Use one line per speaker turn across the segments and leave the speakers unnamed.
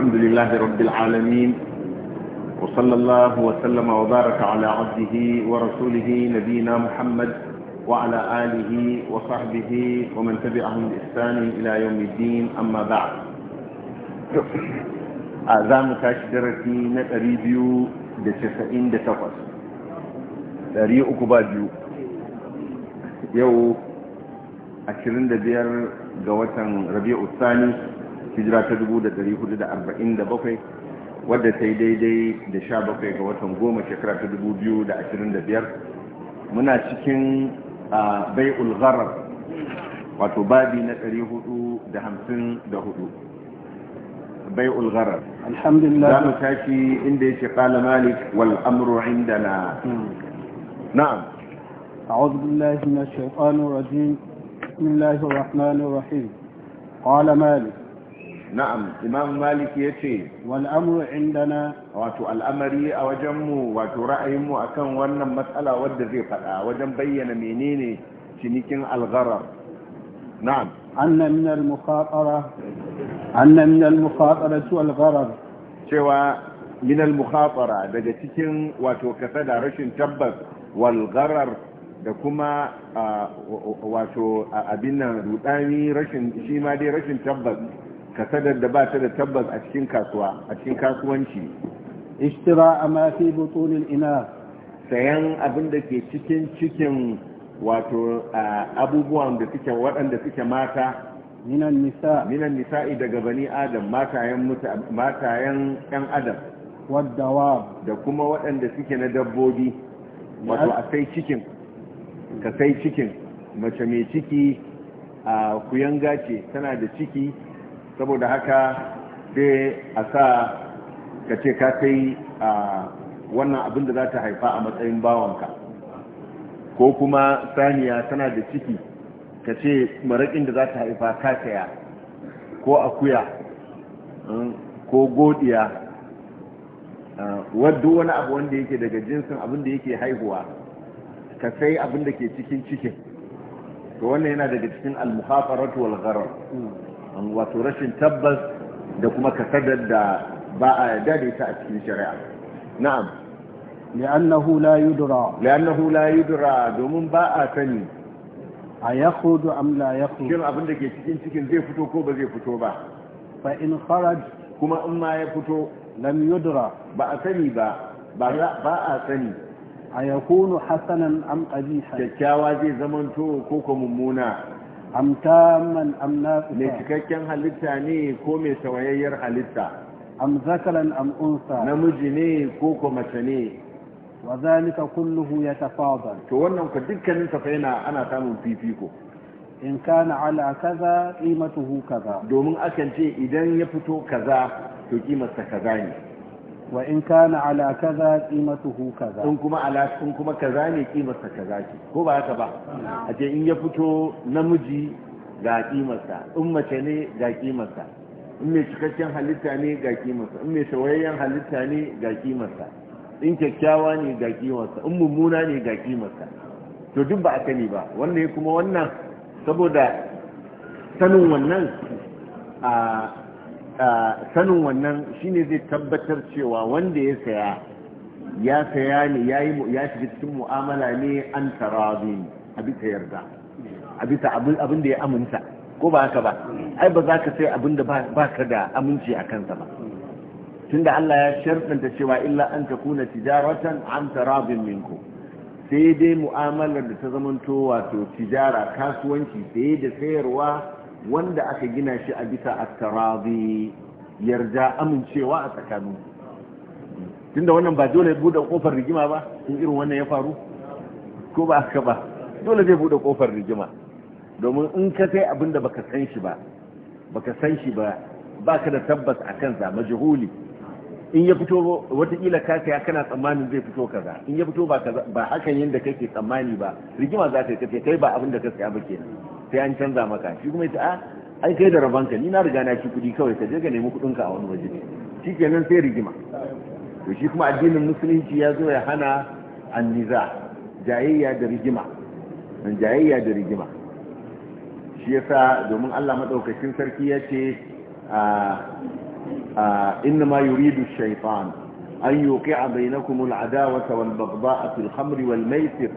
الحمد لله رب العالمين وصلى الله وسلم وبارك على عبده ورسوله نبينا محمد وعلى آله وصحبه ومن تبعهم بإحسان إلى يوم الدين أما بعد أعزام تاشدرتي نتريبيو دتسعين دتقص دريئك باديو يو 25 ga watan rabi'u tsani hijira ta 1447 wadda ta yi daidai da sha bakwai ga watan goma shekara ta dubu biyu da ashirin da biyar muna cikin a bai gharar wato babi na ɗari hudu da hamsin da hudu bai'ul gharar alhamdulillah za mu tashi inda yake kala malik wal amru indana hmm. na'am أعوذ بالله من الشيطان الرجيم بسم الله الرحمن الرحيم قال مالك na'am imam malik ya ce wal'amuru indana wato al'amari a wajenmu wato ra'ayinmu a kan wannan matsala wadda zai faɗa wajen bayyana menene cinikin al'gharar. na'am anna min al-mukhatara anna min al cewa minal al-mukhatara daga cikin wato kasa da rashin tabbas wal'gharar da kuma wato abin nan rudani rashin shi ma dai rashin tabbas kasadar da ba ta da tabbas a cikin kasuwa a cikin kasuwanci ishtira a mafi butunil ina sayan abin da ke cikin cikin wato abubuwan da suke waɗanda suke mata minan nisa minan nisa'i daga bani adam matayen matayen ɗan adam waddawa da kuma waɗanda suke na dabbobi wato a sai cikin ka sai cikin mace mai ciki a kuyanga ce tana da ciki saboda haka dai a sa ka ce ka kai a wannan abin da za ta haifa a matsayin bawanka ko kuma saniya tana da ciki ka ce maraƙin da za ta haifa ka ko akuya mm, ko godiya wadda wani abu wanda yake daga jinsin abin da yake haihuwa ka sai abin da ke cikin cikin to wannan yana daga cikin almuhafaratu wal gharar wato rashin tabbas da kuma kasadar da ba a daidaita a cikin shari'a na'am li'annahu la yudra li'annahu la yudra domin ba a sani a yakhudu am la yakhudu shin abin da ke cikin cikin zai fito ko ba zai fito ba fa in kharaj kuma in ma ya fito lam yudra ba a sani ba ba a sani a yakunu hasanan am qabiha kyakkyawa zai zamanto ko ko mummuna amtaman tamman ne cikakken halitta ne ko mai sawayayyar halitta am zakaran am namiji ne ko ko mace ne wa zalika kulluhu yatafadal to wannan ku dukkanin sa fa ana samun fifiko in kana ala kaza qimatuhu kaza domin akan ce idan ya fito kaza to kimarsa kaza ne wa in kana ala kaza qimatuhu kaza in kuma ala in kuma kaza ne kimarsa kaza ce ko ba haka ba a ce in ya fito namiji ga kimarsa in mace ne ga kimarsa in mai cikakken halitta ne ga kimarsa in mai shawayayyen halitta ne ga kimarsa in kyakkyawa ne ga kimarsa in mummuna ne ga kimarsa to duk ba a sani ba wannan kuma wannan saboda sanin wannan a sanin wannan shine zai tabbatar cewa wanda ya saya ya saya ne ya shiga cikin mu'amala ne an tarazi a bisa yarda abin da ya aminta ko ba haka ba ai ba za ka sai abin da ba ka da aminci a kansa ba tun da Allah ya sharɗanta cewa illa an ta kuna tijaratan an tarabin minku sai dai mu'amalar da ta zamanto wato tijara kasuwanci saye da sayarwa wanda aka gina shi a bisa at yarda amincewa a tsakanin tunda wannan ba dole bude kofar rigima ba in irin wannan ya faru ko ba aka ba dole zai bude kofar rigima domin in ka sai abin da baka san shi ba baka san shi ba baka da tabbas a kansa majhuli in ya fito watakila ka saya kana tsammanin zai fito kaza in ya fito ba hakan yadda kake tsammani ba rigima za ta yi kai ba abin da ka saya ba kenan sai an canza maka shi kuma ita a ah, ai kai da rabanka ni na riga na ci kuɗi kawai ka je ka nemi ka a wani waje shi kenan sai rigima to shi kuma addinin musulunci ya zo ya hana anniza jayayya da rigima jayayya da rigima shi yasa domin Allah madaukakin sarki ya ce ah, ah, inna ma yuridu shaytan an yuqi'a bainakum adawa wal baghdha'a fil khamri wal maisir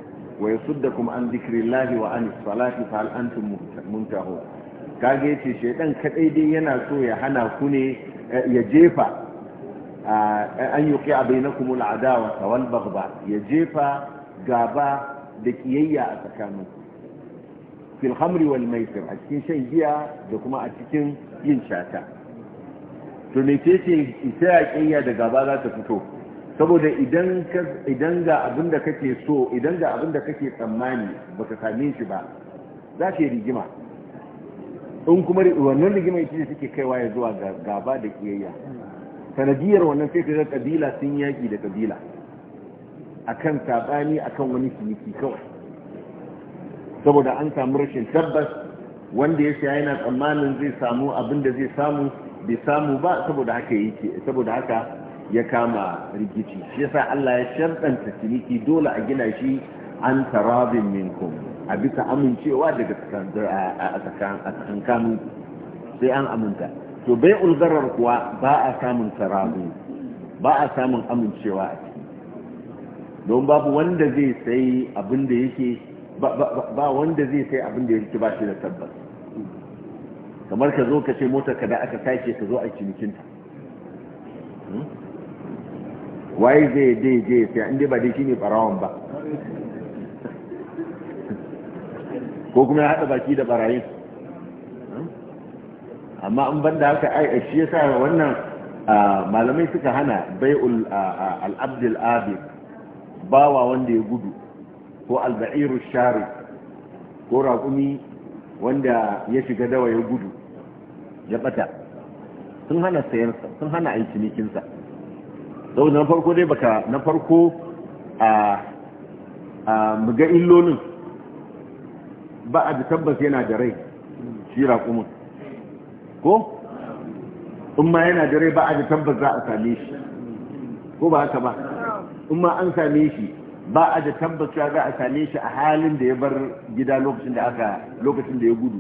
ويصدكم عن ذكر الله وعن الصلاة فهل أنتم منتهون kage yace shedan kadai dai yana so ya hana ku ne ya jefa an yuqi bainakum al'adawa wal baghda ya jefa gaba da kiyayya a tsakanin fil khamri wal maisir a cikin shan giya da kuma a cikin yin shata to me ce ce ita kiyayya da gaba za ta fito saboda idan ka idan ga abin da kake so idan ga abin da kake tsammani baka same shi ba za ka yi rigima in kuma wannan rigima ita ce take kaiwa ya zuwa gaba da kiyayya sanadiyar wannan sai ka ga kabila sun yaki da kabila akan sabani akan wani ciniki kawai saboda an samu rashin tabbas wanda ya sha yana tsammanin zai samu abin da zai samu bai samu ba saboda haka yake saboda haka ya kama rikici shi yasa Allah ya sharɗanta ciniki dole a gina shi an tarabin minkum a bisa amincewa daga kanu sai an aminta to bai ulgarar kuwa ba a samun tarabin ba a samun amincewa a ciki don babu wanda zai sai abin da yake ba wanda zai sai abin da yake ba shi da tabbas kamar ka zo ka ce motar ka da aka sace ka zo a cinikinta hmm? waye zai dai je sai inda ba dai shine barawon ba ko kuma ya haɗa baki da barayin amma an banda haka ai shi yasa wannan malamai suka hana bai'ul al-abdul abi bawa wanda ya gudu ko albairu shari ko raƙumi wanda ya shiga dawa ya gudu ya bata sun hana sayansa sun hana aikinikinsa saboda na farko dai baka na farko a a muga illolin ba a da tabbas yana da rai shi kuma ko in ma yana da rai ba a da tabbas za a same shi ko ba haka ba in ma an same shi ba a da tabbas za a same shi a halin da ya bar gida lokacin da aka lokacin da ya gudu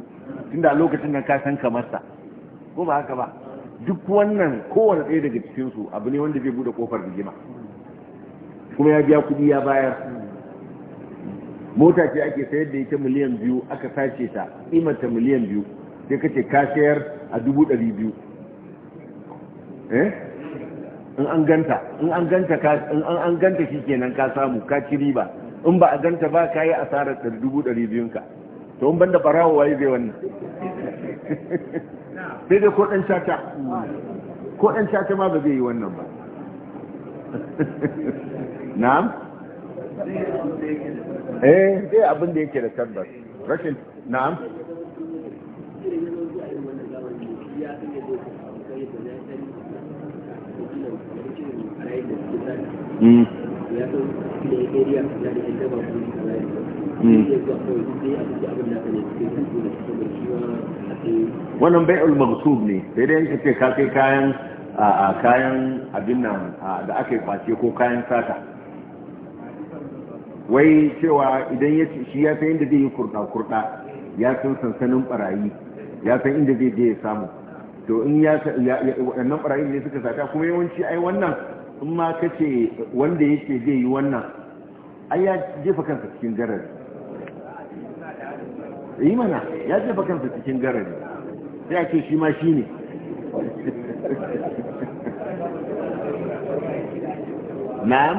tun da lokacin da ka san kamar sa ko ba haka ba duk wannan kowane ɗaya daga cikinsu abu ne wanda zai bude kofar rigima kuma ya biya kuɗi ya bayar mota ce ake sayar da ita miliyan biyu aka sace ta imanta miliyan biyu sai kace ka sayar a dubu ɗari biyu eh? in an ganta in an ganta ka in an ganta shikenan ka samu ka ci riba in ba a ganta ba ka yi asarar dubu ɗari biyun ka to in banda farawa waye zai wannan sai dai ko ɗan caca ko ɗan caca ma ba zai yi wannan ba na'am eh abinda abin da yake da tabbas rashin na'am Mm. wannan bai'ul maghsub ne sai dai yanka ce ka kai kayan a kayan abin nan da aka yi face ko kayan sata wai cewa idan ya shi ya san inda zai yi kurda kurda ya san sansanin barayi ya san inda zai je ya samu to in ya waɗannan barayi ne suka sata kuma yawanci ai wannan in ma kace wanda yake zai yi wannan ai ya jefa kansa cikin jarabi yi eh mana ya jefa kansa cikin garari sai a ce shi ma shi ne ma'am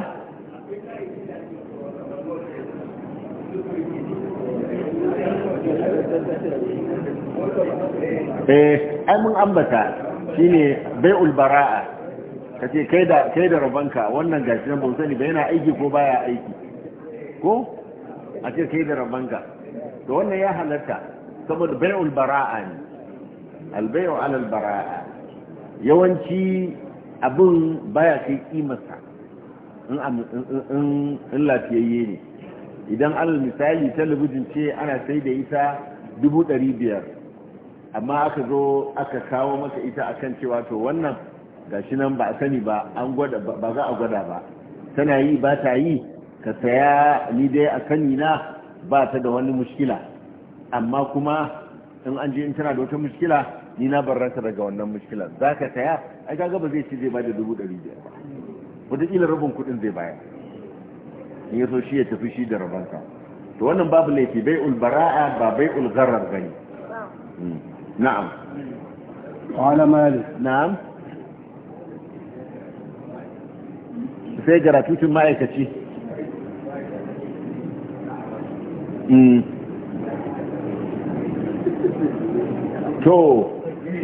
eh ai mun ambata shine bai'ul bara'a kace kai da kai da rabanka wannan gashi nan ban sani ba yana aiki ko baya aiki ko a ce kai da rabanka da wannan ya halarta saboda bai'ul bara'a ne albayu alal bara'a yawanci abin baya kai kimarsa in lafiyayye ne idan alal misali talabijin ce ana sai da ita dubu ɗari biyar amma aka zo aka kawo maka ita akan cewa to wannan gashi nan ba a sani ba an gwada ba za a gwada ba tana yi ba ta yi ka saya ni dai a kanina ba ta da wani mushkila amma kuma in an je in tana da wata mushkila ni na barranta daga wannan mushkilar za ka taya ai kaga ba zai ci zai bada dubu ɗari biyar ba wataƙila rabin kuɗin zai bayar in ya so shi ya tafi shi da rabansa to wannan babu laifi bai ulbara'a ba bai ulgarar gani hmm. na'am wala mali na'am sai garatutin ma'aikaci Mm. to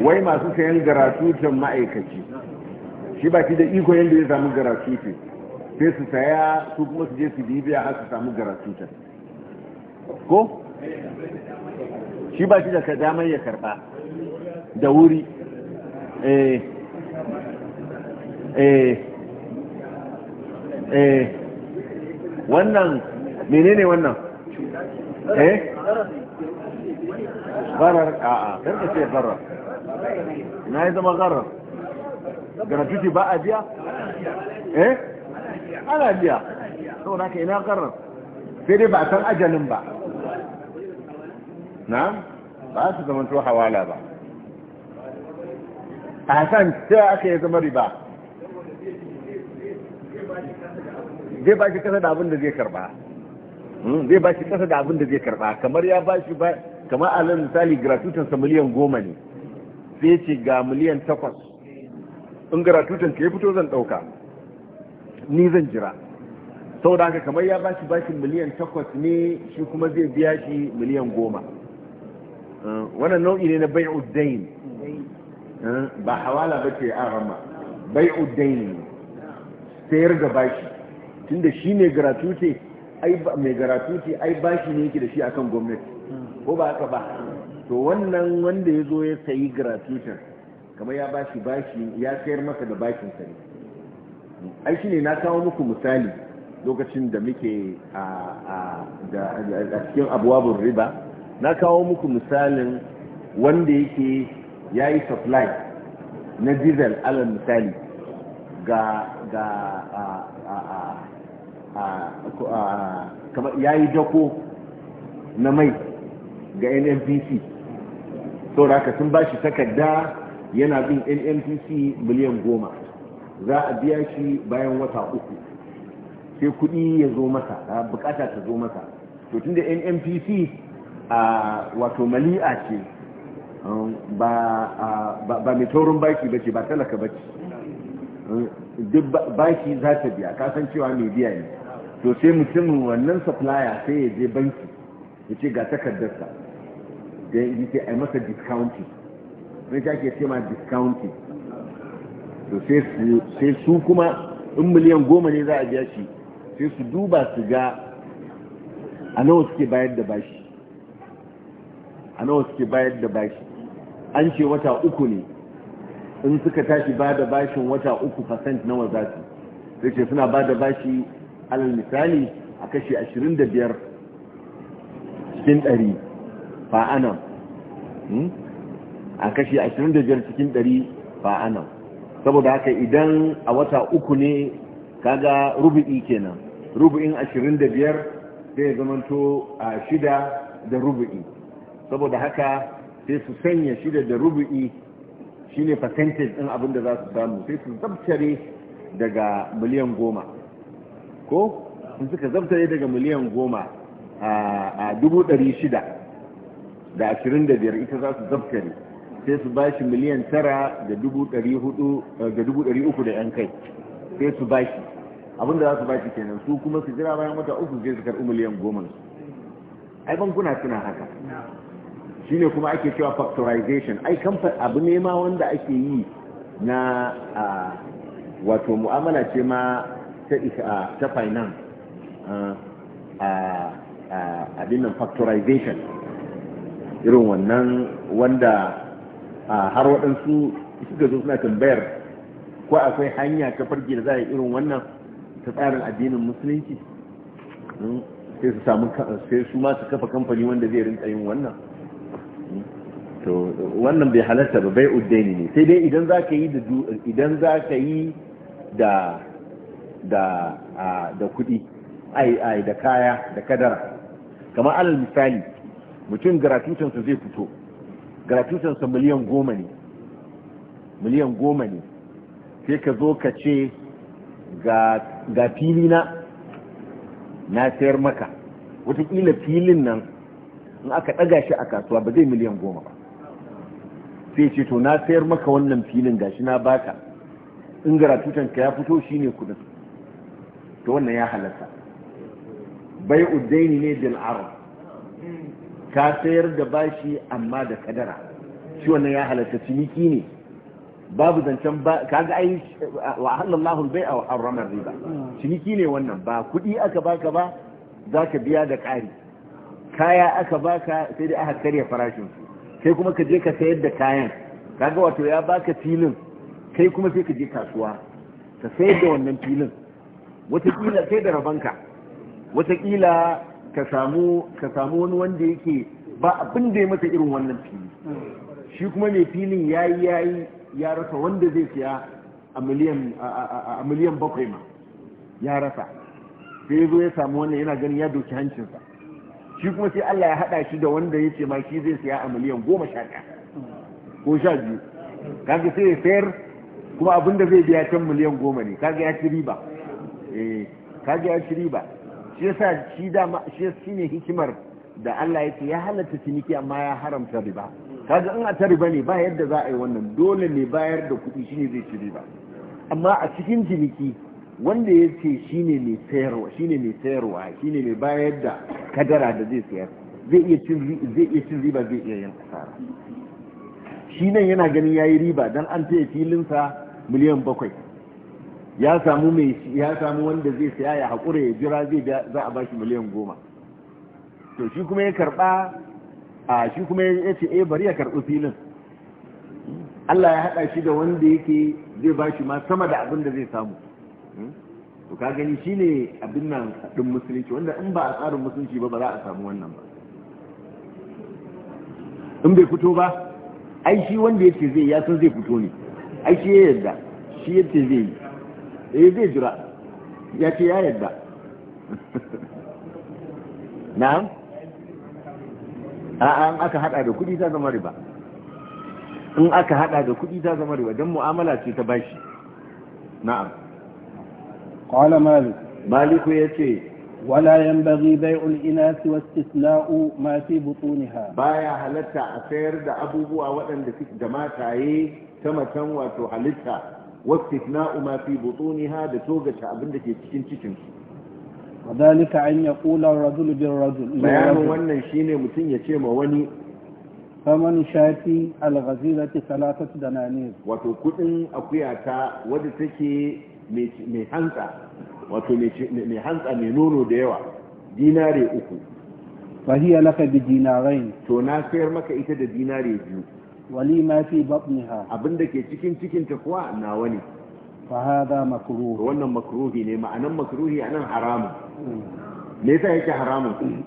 wai masu sayan garatutan ma'aikaci shi ba da iko yadda ya samu garatutan sai su saya su kuma su je su bibiya har su samu garatutan ko? shi ba shi da damar ya karba da wuri eh eh eh wannan menene wannan
eh gharar a'a karka ce gharar na
yi zama gharar gratuity ba a biya eh ana biya sau na ka ina gharar sai dai ba a san ajalin ba na ba su zama to hawala ba a hasan sai aka yi zama riba zai ba shi kasa da abin da zai karba Hmm, zai ba shi kasa da abin da zai karba kamar ya ba shi ba kamar alal misali sa miliyan goma ne sai ce ga miliyan takwas in gratuitan ka ya fito zan ɗauka ni zan jira sau da haka kamar ya ba shi bashin miliyan takwas ne shi kuma zai biya shi miliyan goma hmm, wannan nau'i ne na bai uddain hmm, ba hawala ba ce a rama bai uddain sayar da bashi tunda shi ne gratuitan ai mai ce ai bashi ne yake da shi akan gwamnati ko ba haka ba to wannan wanda ya zo ya sayi gratuitin kamar ya bashi bashi ya sayar masa da bakin sa ne ai shine na kawo muku misali lokacin da muke a a cikin abuwabun riba na kawo muku misalin wanda yake ya yi supply na diesel alal misali ga ga a a ya yi dako na mai ga nnpc sauraka sun ba shi takarda yana bin nnpc miliyan goma za a biya shi bayan wata uku sai kudi ya zo masa bukata ta zo masa to da nnpc a wato mali'a ce um, ba mai taurin baki ba ce ba talaka ba ce um, duk baki za ta biya kasancewa mai biya ne to sai mutumin wannan supplier sai ya je banki ya ce ga takardarsa da yi ce a masa discounting wani ta ke ce ma discounting to sai su kuma in miliyan goma ne za a biya shi sai su duba su ga a nawa suke bayar da bashi a nawa suke bayar da bashi an ce wata uku ne in suka tashi ba da bashin wata uku percent nawa za su sai ce suna ba da bashi alal misali a kashi 25 cikin 100 fa'anam hmm? a kashi 25 cikin 100 fa'anam saboda haka idan a wata uku ne kaga rubu'i kenan rubu'in 25 zai zamanto a shida da rubu'i saboda haka sai su sanya shida da rubu'i shine percentage din abin da za su samu sai su zabtare daga miliyan goma ko in suka zabtare daga miliyan goma a dubu ɗari shida da ashirin da biyar ita za su zabtare sai su ba shi miliyan tara da dubu ɗari hudu eh, da dubu ɗari uku da yan kai sai su ba shi abinda za su ba shi kenan su kuma su jira bayan wata uku zai su karɓi miliyan goma su ai bankuna suna haka shi ne kuma ake cewa factorization ai kamfan abu ne ma wanda ake yi na wato mu'amala ce ma ta finance abin nan factorization irin wannan wanda har waɗansu suka zo suna tambayar ko akwai hanya ta farki da za a yi irin wannan ta tsarin addinin musulunci hmm? sai su samu sai su ma su kafa kamfani wanda zai rinka yin wannan hmm? to wannan bai halarta ba bai uddaini ne sai dai idan za ka yi idan za ka yi da da da kudi ai ai da kaya da kadara kamar alal misali mutum gratuitansa zai fito gratuitansa miliyan goma ne miliyan goma ne sai ka zo ka ce ga fili na na sayar maka watakila filin nan in aka ɗaga shi a kasuwa ba zai miliyan goma ba sai ce to na sayar maka wannan filin gashi na baka in gratuitanka ya fito shine kudin to wannan ya halatta bai uddaini ne bil arab ka sayar da bashi amma da kadara shi wannan ya halatta ciniki ne babu zancen ba kaga ai wa halallahu bai a wa harrama riba ciniki ne wannan ba kudi aka baka ba zaka biya da ƙari kaya aka baka sai dai aka karya farashin su kai kuma ka je ka sayar da kayan kaga wato ya baka filin kai kuma sai ka je kasuwa ka sayar da wannan filin watakila sai da rabanka watakila ka samu ka samu wani wanda yake ba abin da ya mata irin wannan fili shi kuma mai filin yayi yayi ya rasa wanda zai siya a miliyan a miliyan bakwai ma ya rasa sai zo ya samu wannan yana ganin ya doki hancinsa shi kuma sai Allah ya hada shi da wanda ya ce ma shi zai siya a miliyan goma sha ko sha biyu kaga sai ya sayar kuma abin da zai biya can miliyan goma ne kaga ya ci riba eh kaga ya shiri ba shi yasa shi dama shi shine hikimar da Allah yake ya halatta ciniki amma ya haramta riba kaga in a ta riba ne ba yadda za a yi wannan dole ne bayar da kuɗi shine zai ci riba amma a cikin ciniki wanda ya ce shine mai sayarwa shine mai sayarwa shine mai bayar da kadara da zai sayar zai iya cin zai iya cin riba zai iya yin asara shi nan yana ganin yayi riba dan an taya filinsa miliyan bakwai ya samu mai ya samu wanda zai saya ya haƙura ya jira zai za a bashi miliyan goma to shi kuma ya karɓa a shi kuma ya ce eh bari ya karɓi filin Allah ya haɗa shi da wanda yake zai bashi ma sama da abin da zai samu hmm? to ka gani shine abin nan din musulunci wanda in ba a tsarin musulunci ba ba za a samu wannan ba in bai fito ba ai shi wanda yake zai ya san zai fito ne ai shi ya yarda shi yake zai yi eh zai jira ya ce ya yadda na'am a'a aka hada da kudi ta zama riba in aka hada da kudi ta zama riba don mu'amala ce ta bashi na'am qala malik malik yace wala yanbaghi bai'ul inas wa istisna'u ma fi butuniha baya halatta a sayar da abubuwa waɗanda suke da mataye ta macen wato halitta واستثناء ما في بطونها لتوجة أبن لكي تكين تشين وذلك أن يقول الرجل بالرجل بيان وانا شيني متين يشيم وني فمن شاتي الغزيلة ثلاثة دنانير وتكتن أقياتا ودتكي ميحنطة wato mai hantsa mai nono da yawa dinare uku fahiyya laka bi dinarai to na sayar maka ita da dinare biyu wali ma fi batniha abinda ke cikin cikin ta kuwa nawa ne fa hada makruh wannan makruhi ne ma'anan makruhi anan haramun hmm. me yasa yake haramun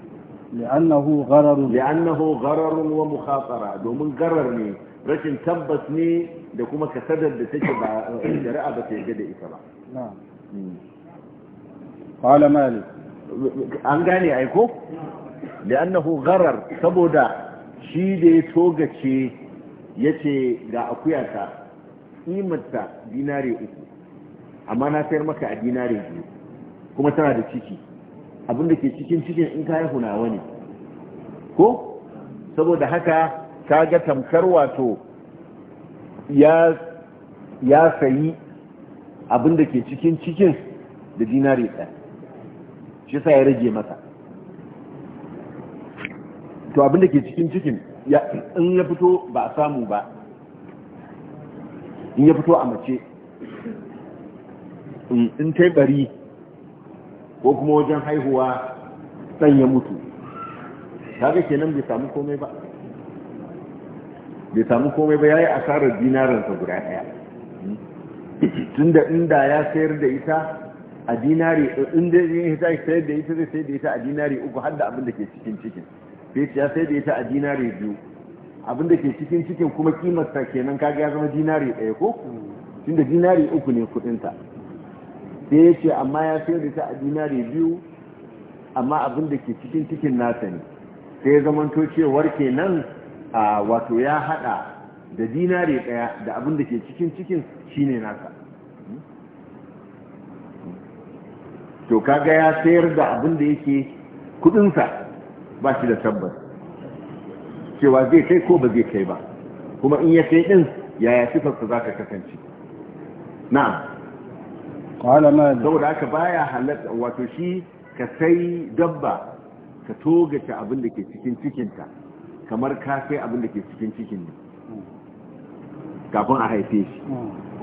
لأنه غرر لأنه غرر ومخاطرة دومن غرر ني رشن تبس ني da kuma kasadar da take ba eh, shari'a ba ta yadda da ita ba. Kwala hmm. Malik. An gane aiko? Da gharar saboda shi da ya ya ce ga akuyata imarta dinare uku amma na sayar maka a dinare biyu kuma tana da ciki abinda ke cikin cikin in ka haihu nawa ne ko saboda haka ka ga tamkar wato ya sayi abinda ke cikin cikin da dinare ɗaya shi sa ya rage mata to abinda ke cikin cikin in ya fito ba a samu ba in ya fito a mace in ta bari ko kuma wajen haihuwa san ya mutu ke kenan bai samu komai ba bai samu komai ba ya yi asarar dinaransa guda ɗaya tunda inda ya sayar da ita a dinari inda ya sayar da ita zai sayar da ita a dinari uku har da abin da ke cikin cikin sai ya sai da ita a dinari biyu abin da ke cikin cikin kuma kimarsa kenan kaga ya zama dinari ɗaya ko tunda dinari uku ne kudinta sai ya ce amma ya sai da ita a dinari biyu amma abin da ke cikin cikin nasa ne sai ya zamanto cewar kenan a wato ya hada da dinari ɗaya da abin da ke cikin cikin shine nasa to kaga ya sayar da abin da yake kudinsa ba shi da tabbas cewa zai kai ko ba zai kai ba kuma in ya kai din yaya sifarsa za ka kasance na'am qala ma saboda aka baya halatta wato shi ka sai dabba ka togace abin da ke cikin cikinta kamar ka sai abin da ke cikin cikin ne kafin a haife shi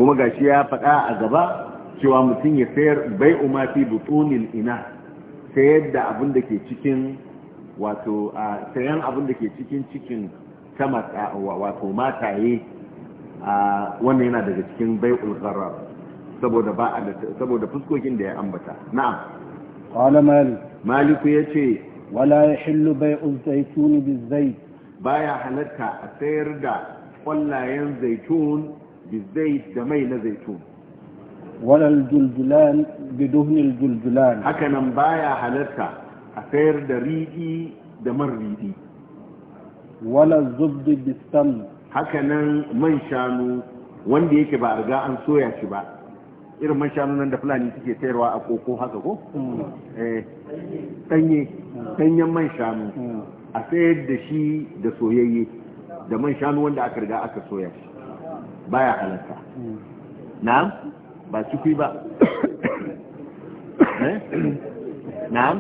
kuma gashi ya faɗa a gaba cewa mutum ya sayar bai umafi butunin ina sayar da abin da ke cikin wato a sayan abin da ke cikin cikin ta wato mataye a wannan yana daga cikin bai'ul gharar saboda ba saboda fuskokin da ya ambata na'am qala malik maliku yace wala yahillu bai'uz zaytun bizayt baya halatta a sayar da kwallayen zaitun bizayt da mai na zaitun wala aljuljulan biduhn haka hakanan baya halatta a sayar da riɗi da man riɗi wala zubdi bisam hakanan man shanu wanda yake ba a riga an soya shi ba irin man shanu nan da fulani suke sayarwa a koko haka ko hmm. eh, ɗanyen man shanu hmm. a sayar da shi da soyayye da man shanu wanda aka riga aka soya shi baya halatta hmm. na ba ciki ba
eh? na'am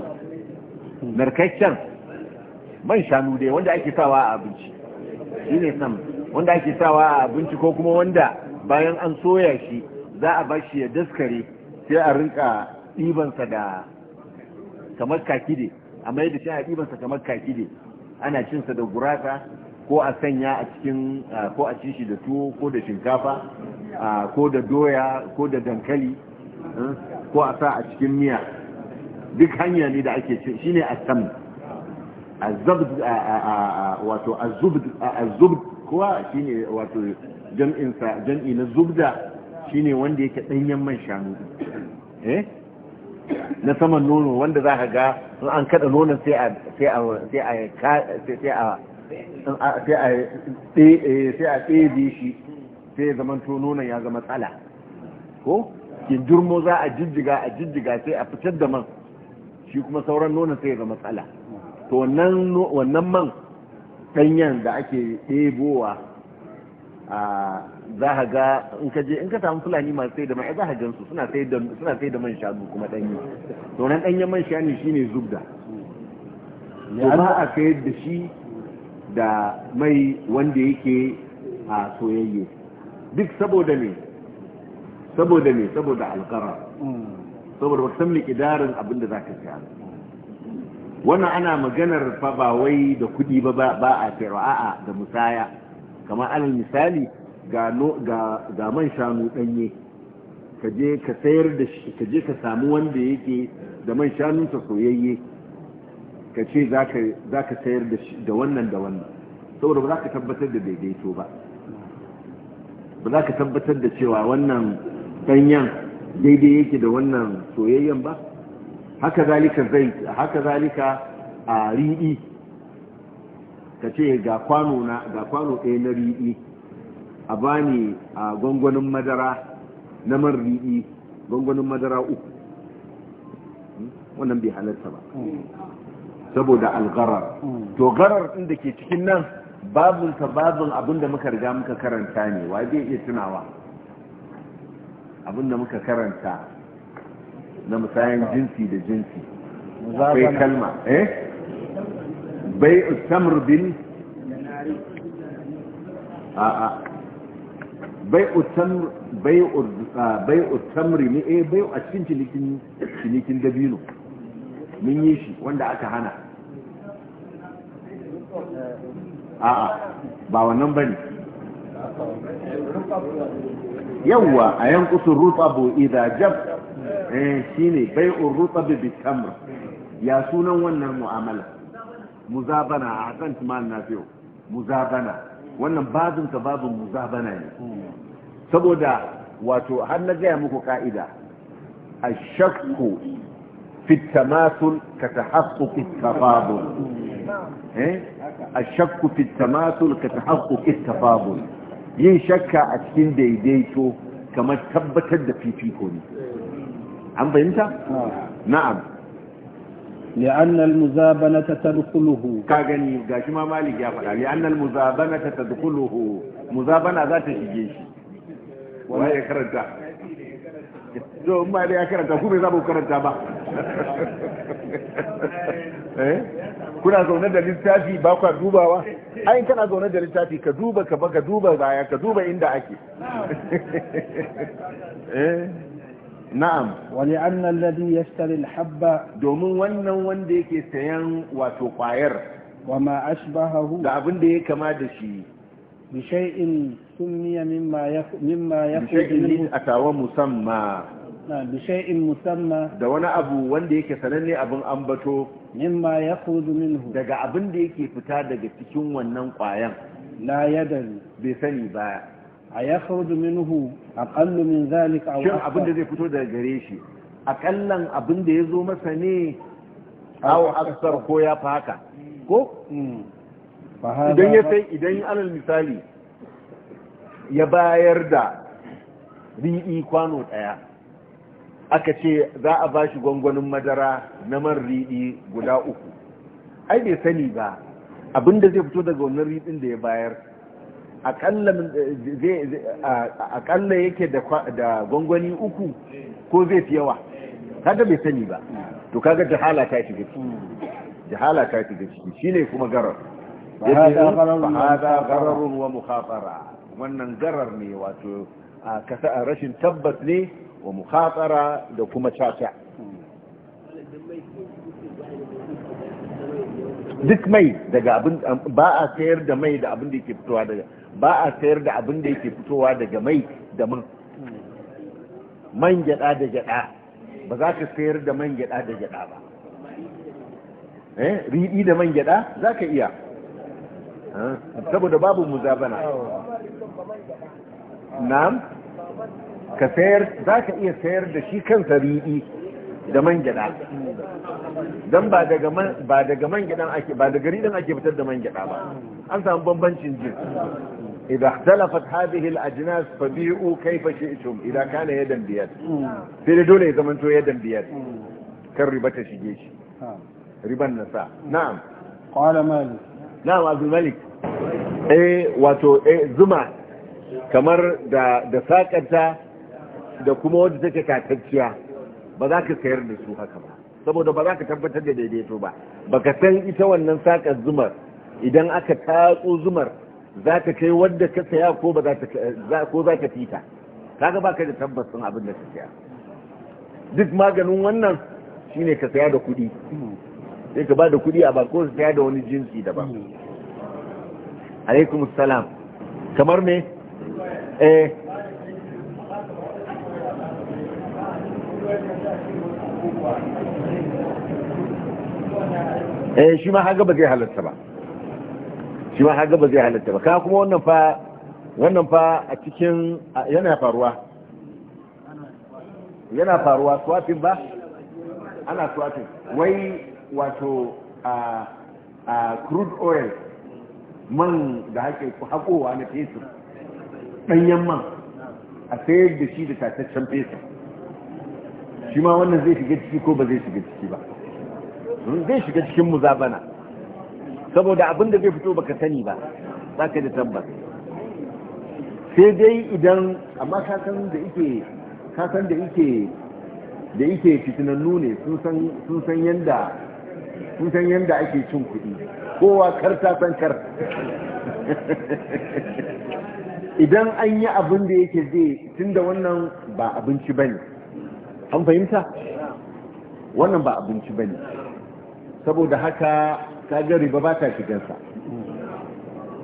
narkakken man shanu dai wanda ake sawa a abinci shi ne sam wanda ake sawa a abinci ko kuma wanda bayan an soya shi za a bashi ya daskare sai a rinka ɗibansa da kamar dai a mai da shi a ɗibansa kamar kakide ana cinsa da gurasa ko a sanya a cikin ko a cin shi da tuwo ko da shinkafa ko da doya ko da dankali eh, ko a sa a cikin miya duk hanya ne da ake ce shine asam azabd wato azubd azubd kuwa shine wato jam'in sa jam'i na zubda shine wanda yake danyen man shanu eh na saman nono wanda za ka ga an kada nono sai a sai a sai a sai a sai a eh, sai shi sai ya zama to nonon ya zama tsala ko kindirmo za a jijjiga a jijjiga sai a fitar da man shi kuma sauran nonon sai ga matsala to wannan man ɗanyen da ake ɗebowa a za a ga in ka je in ka samu fulani masu sai da man za gan su suna sai da man shanu kuma ɗanyi to nan ɗanyen man shanu ne zubda to ba a sayar da shi da mai wanda yake a soyayye duk saboda ne saboda ne saboda alkara mm. saboda baka san miƙidarin abin da zaka siya wannan ana maganar fa ba wai da kudi ba ba a sayarwa a'a da musaya kamar alal misali ga ga man shanu danye ka je ka sayar da shi ka je ka samu wanda yake da man shanun ta soyayye ka ce za ka sayar da shi da wannan da wannan saboda ba za ka tabbatar da daidaito ba ba za ka tabbatar da cewa wannan danyen daidai yake da wannan soyayyen ba haka zalika zai haka zalika a riɗi ka ce ga kwano na ga kwano ɗaya na riɗi a bani a gwangwanin madara na man riɗi gwangwanin madara uku wannan bai halarta ba saboda algarar to garar ɗin da ke cikin nan babinsa babin abinda muka riga muka karanta ne wa zai iya tunawa abinda muka karanta na musayan jinsi da jinsi akwai kalma eh bai usamr bin? a a bai usamr bai bai usamr ne eh bai a cikin cinikin cinikin dabino mun yi shi wanda aka hana a a ba wannan bane yawwa a yankusun rutabu idan jab bai eh, shine bai'ur rutabi bitamr ya sunan wannan mu'amala muzabana a kan timal nafiyo muzabana wannan bazin ka babin muzabana ne saboda wato har na gaya muku ka'ida a shakku tamasul ka ta at-tafadul eh? A shakku fi tamasul ka ta at-tafadul yin shakka a cikin daidaito kamar tabbatar da fifiko ne an fahimta na'am لأن المزابنة تدخله كاغني غاشي مالك يا فدا لأن المزابنة تدخله مزابنة ذات شيء وما يكرنتا to ma ya karanta ku bai za karanta ba eh? kuna zaune da littafi ba kwa dubawa ai kana zaune da littafi ka duba ka ka duba baya ka duba inda ake eh, na'am wani annan ladi ya stari habba domin wannan wanda yake sayan wato kwayar wa ma ashbahahu da abin da ya kama da shi bi shay'in summiya mimma ya mimma ya a tawa musamman? bishai'in musamma da wani abu wanda yake sananne abin ambato mimma ya minhu daga abin da yake fita daga cikin wannan kwayan la yadan bai sani ba a ya minhu aqallu min zalika a shin abin da zai fito daga gare shi akallan abin da ya zo masa ne aw aksar ko ya faka ko hmm. idan ya sai idan alal misali ya bayar da ri'i kwano ɗaya. aka ce za a ba shi gwangwanin madara na man riɗi guda uku ai bai sani ba abinda zai fito daga wannan riɗin da ya bayar akalla eh, yake da gwangwani uku ko zai fi yawa kaga bai sani ba to kaga jahala ta shiga ciki jahala ta shiga ciki shine kuma garar hada oh, wa mukhafara wannan garar ne wato rashin tabbas ne wa mukhatara da kuma caca duk mai daga abin ba a sayar da mai da abin da yake fitowa daga ba a sayar da abin da yake fitowa daga mai da man man gyada da gyada ba za ka sayar da man gyada da gyada ba eh riɗi da man gyada za ka iya eh, saboda babu muzabana na'am ka sayar za ka iya sayar da shi kan sari'i da man gyada don ba daga man gyada ake ba daga ridan ake fitar da man gyada ba an samu bambancin jin idha ikhtalafat hadhihi al-ajnas fabi'u kayfa shi'tum idha kana yadan biyad sai dole ya zama to yadan biyad kar riba ta shige shi riban nasa na'am qala malik na'am abu malik eh, wato eh zuma kamar da da sakanta da kuma wadda take katacciya ba za ka sayar da su haka ba saboda ba za ka tabbatar da daidaito ba baka san ita wannan sakar zumar idan aka tatso zumar za ka kai wadda ka saya ko ba za ko za ka fita kaga baka da tabbacin abin da ka saya duk maganin wannan shine ka saya da kuɗi sai ka ba da kuɗi a bako su saya da wani jinsi daban hmm. alaikum salam kamar me eh eh shi ma haga ba zai halatta ba shi ma haga ba zai halatta ba ka kuma wannan fa wannan fa a cikin yana faruwa yana faruwa swapping ba ana swapping wai wato a a crude oil man da hake haƙowa na fesir ɗanyen man a sayar da shi da tataccen fesir shi ma wannan zai shiga ciki ko ba zai shiga ciki ba zai shiga cikin muzabana saboda abin da zai fito baka sani ba za ka da tabbas sai dai idan amma kasan da ike kasan da ike da ike fitinannu ne sun san yanda sun san ake cin kuɗi kowa kar ta san kar idan an yi abin da yake zai da wannan ba abinci ba ne an fahimta wannan ba abinci ba ne. saboda haka ga riba ba ta shigarsa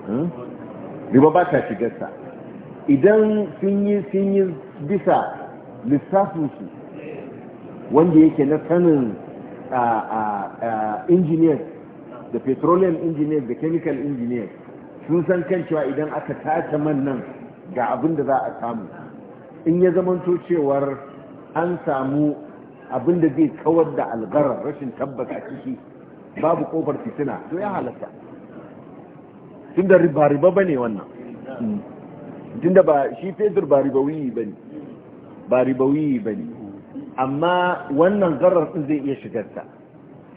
hmm? riba ba ta shigarsa idan sun yi sun yi bisa lissafinsu wanda yake na sanin engineer da petroleum da chemical engineer sun san kan cewa idan aka tace man nan ga abin da za a samu in ya zamanto cewar an samu abin da zai kawar da algarar rashin tabbas a ciki babu kofar fitina to ya halatta tun da riba riba ba ne wannan tun da ba shi fetur ba wuyi ba ne ba wuyi ba ne amma wannan zarar ɗin zai iya shigarta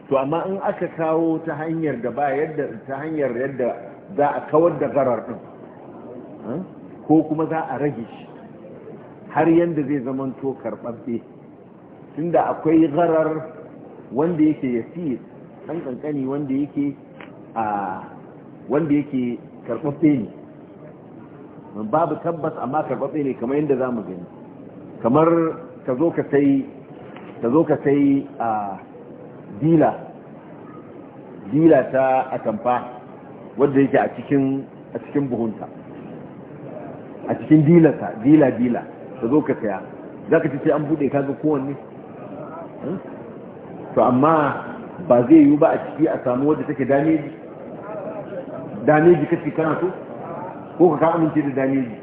to amma in aka kawo ta hanyar da ba yadda ta hanyar yadda za a kawar da zarar ɗin eh, ko kuma za a rage shi har yadda zai zamanto karɓaɓɓe tunda akwai gharar wanda yake yasir dan kankani wanda yake a wanda yake karfafe ne babu tabbas amma karfafe ne kamar yadda zamu gani kamar ka zo ka sai ka sai a dila dila ta atamfa wanda yake a cikin a cikin buhunta a cikin dila ta dila dila ka zo ka saya zaka ce sai an bude kaga kowanne Hmm? to amma ba zai yiwu ba a ciki a samu wadda take dameji dameji kace kana so ko ka amince da dameji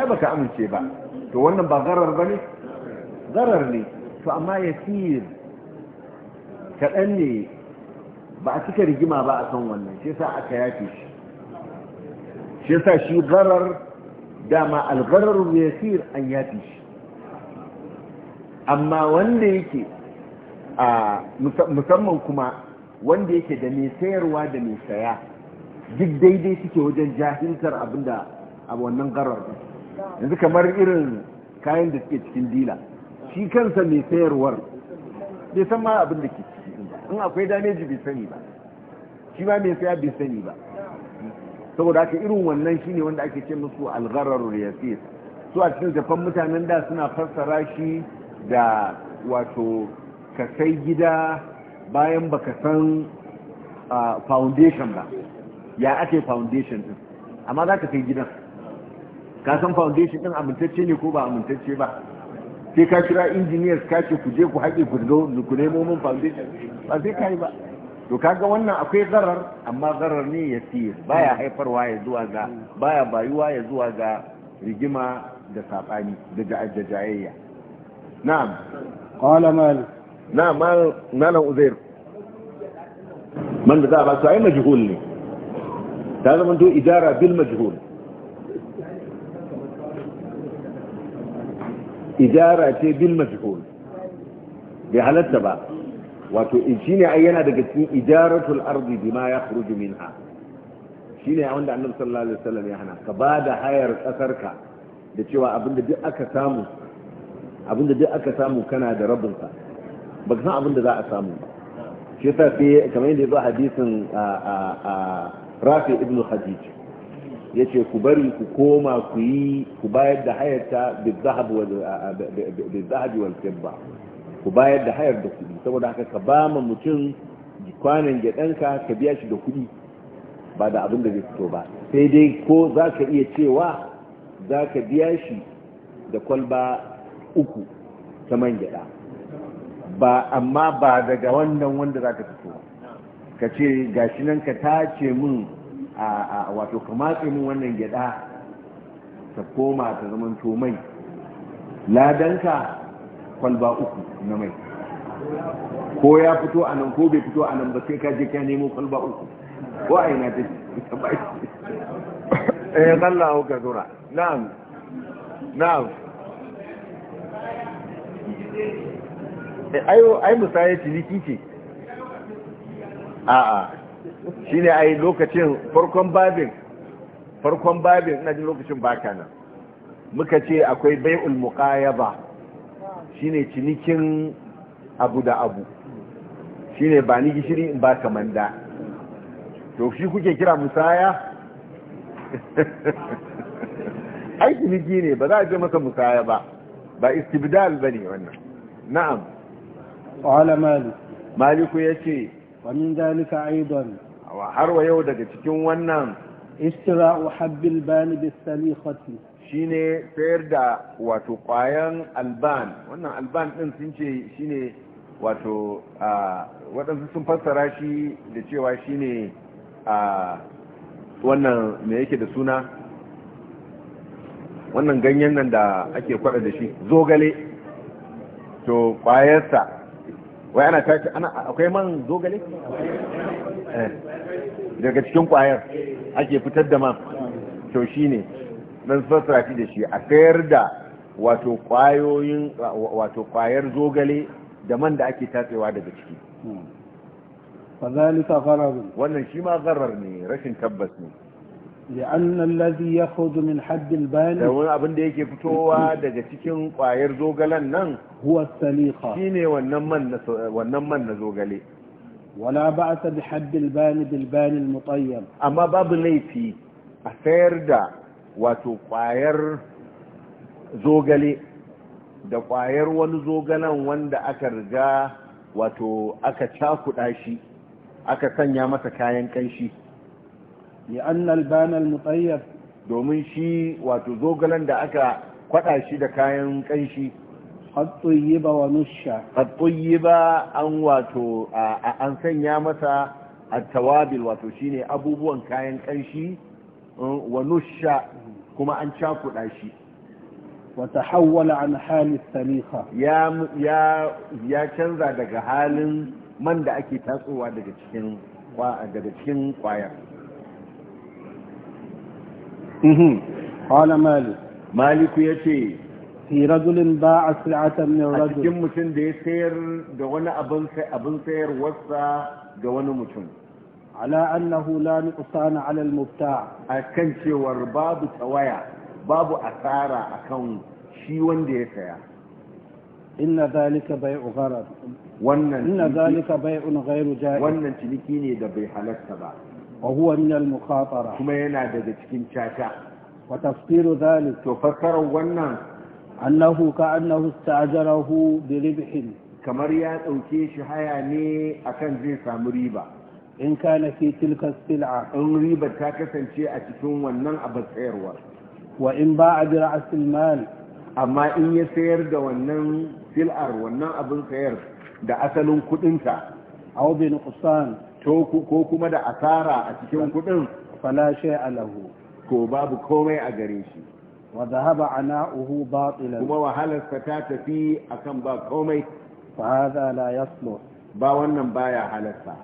ai ka amince ba to wannan ba garar ne? garar ne to amma yasir kaɗan ne ba a cika rigima ba a kan wannan shi sa aka yafe shi shi sa shi zarar dama algarar yasir an yafe shi amma wanda yake a musamman kuma wanda yake da mai sayarwa da mai saya duk daidai suke wajen jahiltar abinda a wannan garar yanzu kamar irin kayan da suke cikin dila shi kansa mai sayarwar bai san ma abin da ke ciki in akwai dameji bai sani ba shi ma mai saya bai sani ba saboda aka irin wannan shine wanda ake ce musu algarar yasir su a cikin zafan mutanen da suna fassara shi da wato ka sai gida bayan ba ka san foundation ba ya ake foundation din amma za ka sai gidan ka san foundation din amintacce ne ko ba amintacce ba sai ka kira engineers ka ce ku je ku haƙe ku da ku nemo min foundation ba sai ka yi ba to kaga wannan akwai zarar amma zarar ne ya siye baya haifarwa ya zuwa ga baya bayuwa ya zuwa ga rigima da saɓani da ja'ayayya na'am qala malik na malam uzair man da za a ba su ai majhul ne ta zama to idara bil majhul idara ce bil majhul bai halatta ba wato shi ne ai yana daga cikin idaratul ardi bima ya khruju minha shine a wanda annabi sallallahu alaihi wasallam ya hana ka ba da hayar kasarka da cewa abinda duk aka samu abinda duk aka samu kana da rabinsa ba san abin da za a samu shi yasa sai kamar yadda ya zo hadisin rafi ibn hadij ya ce ku bari ku koma ku yi ku bayar da hayarta bizahabi wal fibba ku bayar da hayar da kuɗi saboda haka ka ba ma mutum kwanan gyaɗanka ka biya shi da kuɗi ba da abin da zai fito ba sai dai ko za ka iya cewa za ka biya shi da kwalba uku ta man gyaɗa ba amma ba daga wannan wanda za ka fito ka ce ga shi nan ka tace min a wato ka matse min wannan gyada ta koma ta zaman to mai ladanka kwalba uku na mai ko ya fito a nan ko bai fito a nan ba sai ka je ka nemo kwalba uku ko a yana ta ba ba eh Allah ga zura na'am na'am Eh, ai musaya ciniki ce a'a shi ne ai lokacin farkon babin farkon babin ina jin lokacin baka nan muka ce akwai bai ba Shi ne cinikin abu da abu Shi ne ba ni gishiri in ba manda to shi kuke kira musaya ai ciniki ne ba za a je masa musaya ba ba istibdal ba ne wannan na'am qala malik maliku yace wa min zalika aidan wa har wa yau daga cikin wannan istira'u habbil ban bis salikhati shine sayar da wato ƙwayan alban wannan alban din sun ce shine wato waɗansu sun fassara shi da cewa shine wannan me yake da suna wannan ganyen nan da ake kwada da shi zogale to ƙwayarsa. wai ana ana akwai man zogale eh, daga cikin kwayar ake fitar da man to shine dan fassara shi da shi a sayar da wato kwayoyin wato kwayar zogale da man da ake tatsewa daga ciki wannan shi ma zarar ne rashin tabbas ne لأن الذي يخرج من حد البان دون أبن دي يكي فتوى دجا تكين قاير زوغلا نن هو السليقة شيني ونمن نزوغلي ولا بأس بحد البان بالبان المطيب أما باب ليفي أثير دا واتو قاير زوغلي da kwayar wani zogalen wanda aka riga wato aka cakuɗa shi aka sanya masa kayan kanshi لأن البان المطيب domin shi wato zogalen da aka kwaɗa shi da kayan kanshi qattayyiba wa nusha qattayyiba an wato an sanya masa at-tawabil wato shine abubuwan kayan kanshi wa nusha kuma an cakuda shi wa tahawwala an hali ya canza daga halin man da ake tatsowa daga cikin daga Kwala mhm. Malik. ya ce, Fi rajulin ba a sil'atan min rajul. A cikin mutum da ya sayar da wani abin sayarwarsa ga wani mutum. Ala annahu la nuqsana ala al-mubta. Akan cewar babu tawaya, babu asara akan shi wanda ya saya. Inna zalika bai'u gharar. Wannan inna zalika Wannan ciniki ne da bai halarta ba. wa huwa al-mukhatara kuma yana daga cikin cata. wa tafsiru dhalik to fassara wannan annahu ka annahu istajarahu bi in. kamar ya dauke shi haya ne akan zai samu riba in kana fi tilka sil'a in riba ta kasance a cikin wannan abin tsayarwa wa in ba'a bi ra'sil mal amma in ya sayar da wannan sil'ar wannan abin sayar da asalin kudinta aw bi nuqsan ko kuma da asara a cikin kudin fala shay lahu ko babu komai a gare shi wa dhahaba ana'uhu batilan kuma wahalarsa ta tafi akan ba komai fa hadha la yaslu ba wannan baya halarsa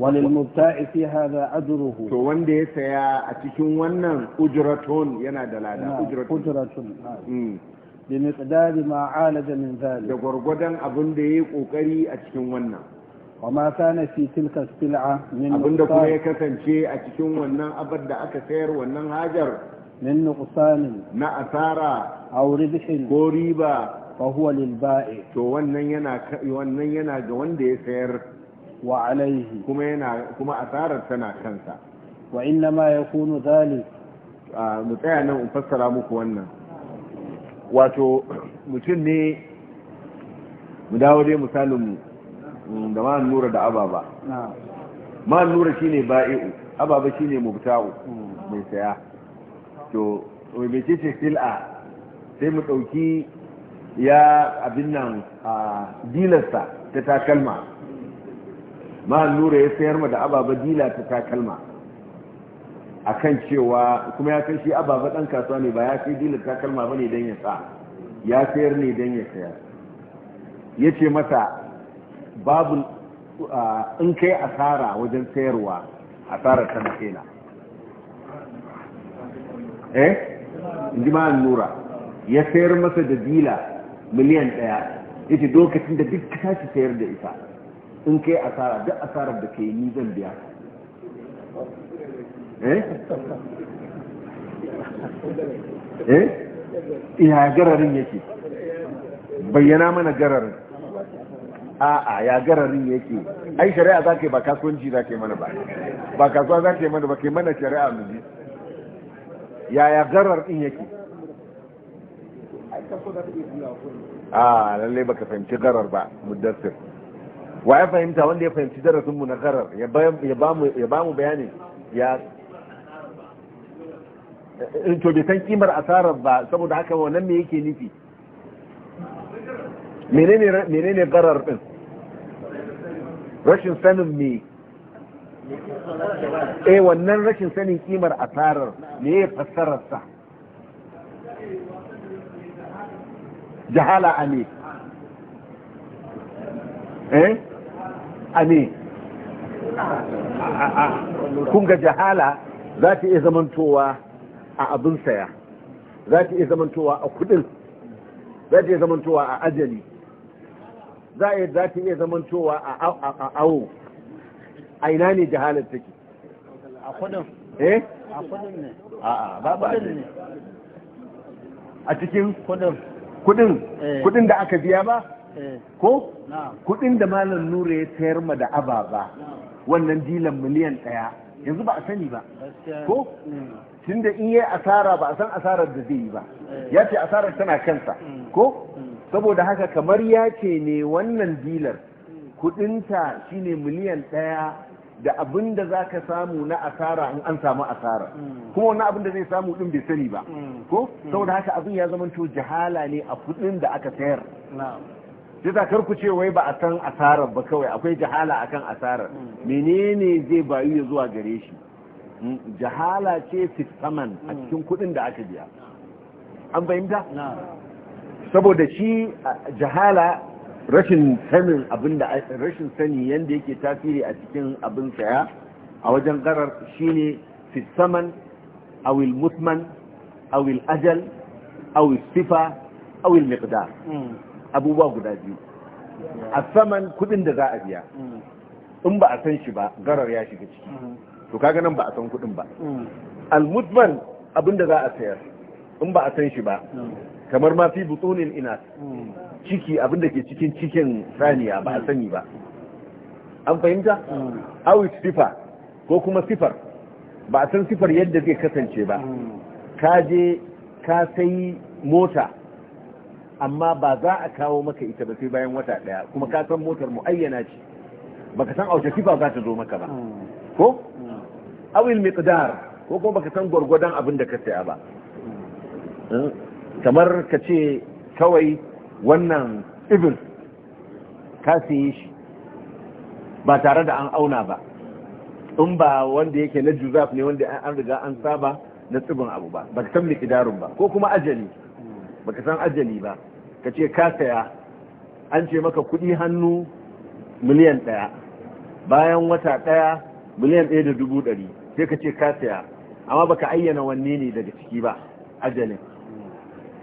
walil mubta'i fi hadha ajruhu to wanda ya saya a cikin wannan ujratun yana da lada ujratun mm. bi miqdari ma alaja min zalik da gurgudan abin da yayi kokari a cikin wannan wa ma kana fi tilka sil'a min abinda kuma ya kasance a cikin wannan abar da aka sayar wannan hajar min nuqsan na asara aw ribhin ko riba fa huwa lil ba'i to wannan yana wannan yana ga wanda ya sayar wa alaihi kuma yana kuma asarar tana kansa wa inna ma yakunu zalik mu tsaya nan in fassara muku wannan wato mutum ne mu dawo dai misalin mu Mm, da ma nura da ababa ma nura shi ne ba'i'u ababa shi ne mubta'u mm. mai saya to wai mai ce sil'a sai mu ɗauki ya abin nan a dilarsa ta takalma ma nura ya sayar ma da ababa dila ta takalma kan cewa kuma ya kai shi ababa ɗan kasuwa ne ba ya sai dilar takalma ne don ya sa ya sayar ne don ya sayar ya ce masa babu in kai asara wajen sayarwa asarar na kaina eh jima'an nura ya sayar masa da dila miliyan daya ce lokacin da duk ta tashi sayar da ita in kai asara duk asarar da ke ni zan biya eh
eh iya gararin
yake bayyana mana gararin a'a ya gararin yake ai shari'a zake yi ba kasuwanci zake yi mana ba ba kasuwa zake yi mana ba ka mana shari'a mu ji yaya garar din yake a lallai baka fahimci garar ba muddassir wa ya fahimta wanda ya fahimci darasin mu na garar ya ba mu bayani ya in eh, to bi san kimar asarar ba saboda haka wannan me yake nufi menene menene garar din rashin sanin me eh wannan rashin sanin kimar asarar me ya fassarar sa jahala a ne eh a ne kun ga jahala za ta iya zamantowa a abin saya za ta iya zamantowa a kudin za ta iya zamantowa a ajali za a za ta iya zamantowa a awo a ina ne jahalar take a kudin eh a kudin ne a babu a cikin kudin kudin eh. kudin da aka biya ba eh. ko kudin da malam nura ya sayar ma da ababa wannan dilan miliyan ɗaya yanzu ba a sani ba
ko mm.
tunda in yi asara ba a san asarar da zai yi ba eh. ya ce asarar tana kansa mm. ko mm. saboda haka kamar ya ce ne wannan dilar kudinta shine miliyan ɗaya da abin da za ka samu na asara in an samu asara hmm. kuma wani abin da zai samu ɗin bai sani ba hmm. ko hmm. saboda haka abin ya zamanto jihala ne a kudin da aka sayar sai za karku ce wai ba a san asarar ba kawai akwai jahala akan asarar menene zai bayu ya zuwa gare shi jahala ce saman a cikin kudin da aka biya an fahimta saboda shi jahala rashin sanin abin da rashin sani yanda yake tasiri a cikin abin saya a wajen karar shine fi saman awil mutman awil ajal awil sifa awil miqdar hmm. abubuwa guda biyu a saman kudin da za a biya hmm. in ba a san shi ba garar ya shiga ciki hmm. to kaga nan ba a san kudin ba al mutman abin da za a sayar in ba a san shi ba kamar ma fi butonin ina ciki abinda ke cikin cikin saniya ba a hmm. sani ba an fahimta hmm. awi sifa ko kuma sifar ba a san sifar yadda zai kasance ba hmm. ka je ka sai mota amma ba za a kawo maka ita ba sai bayan wata daya kuma ka san motar muayyana ce ba ka san auce sifa za ta zo maka ba ko awil miqdar ko kuma ba ka san gwargwadon abin da ka saya ba kamar ka ce kawai wannan ibir ka siye shi ba tare da an auna ba in ba wanda yake na juzaf ne wanda an riga an saba na tsibin abu ba ba ka san mikidarun ba ko kuma ajali ba ka san ajali ba ka ce ka saya an ce maka kudi hannu miliyan daya bayan wata daya miliyan daya da dubu dari sai ka ce ka saya amma baka ayyana wanne ne daga ciki ba ajalin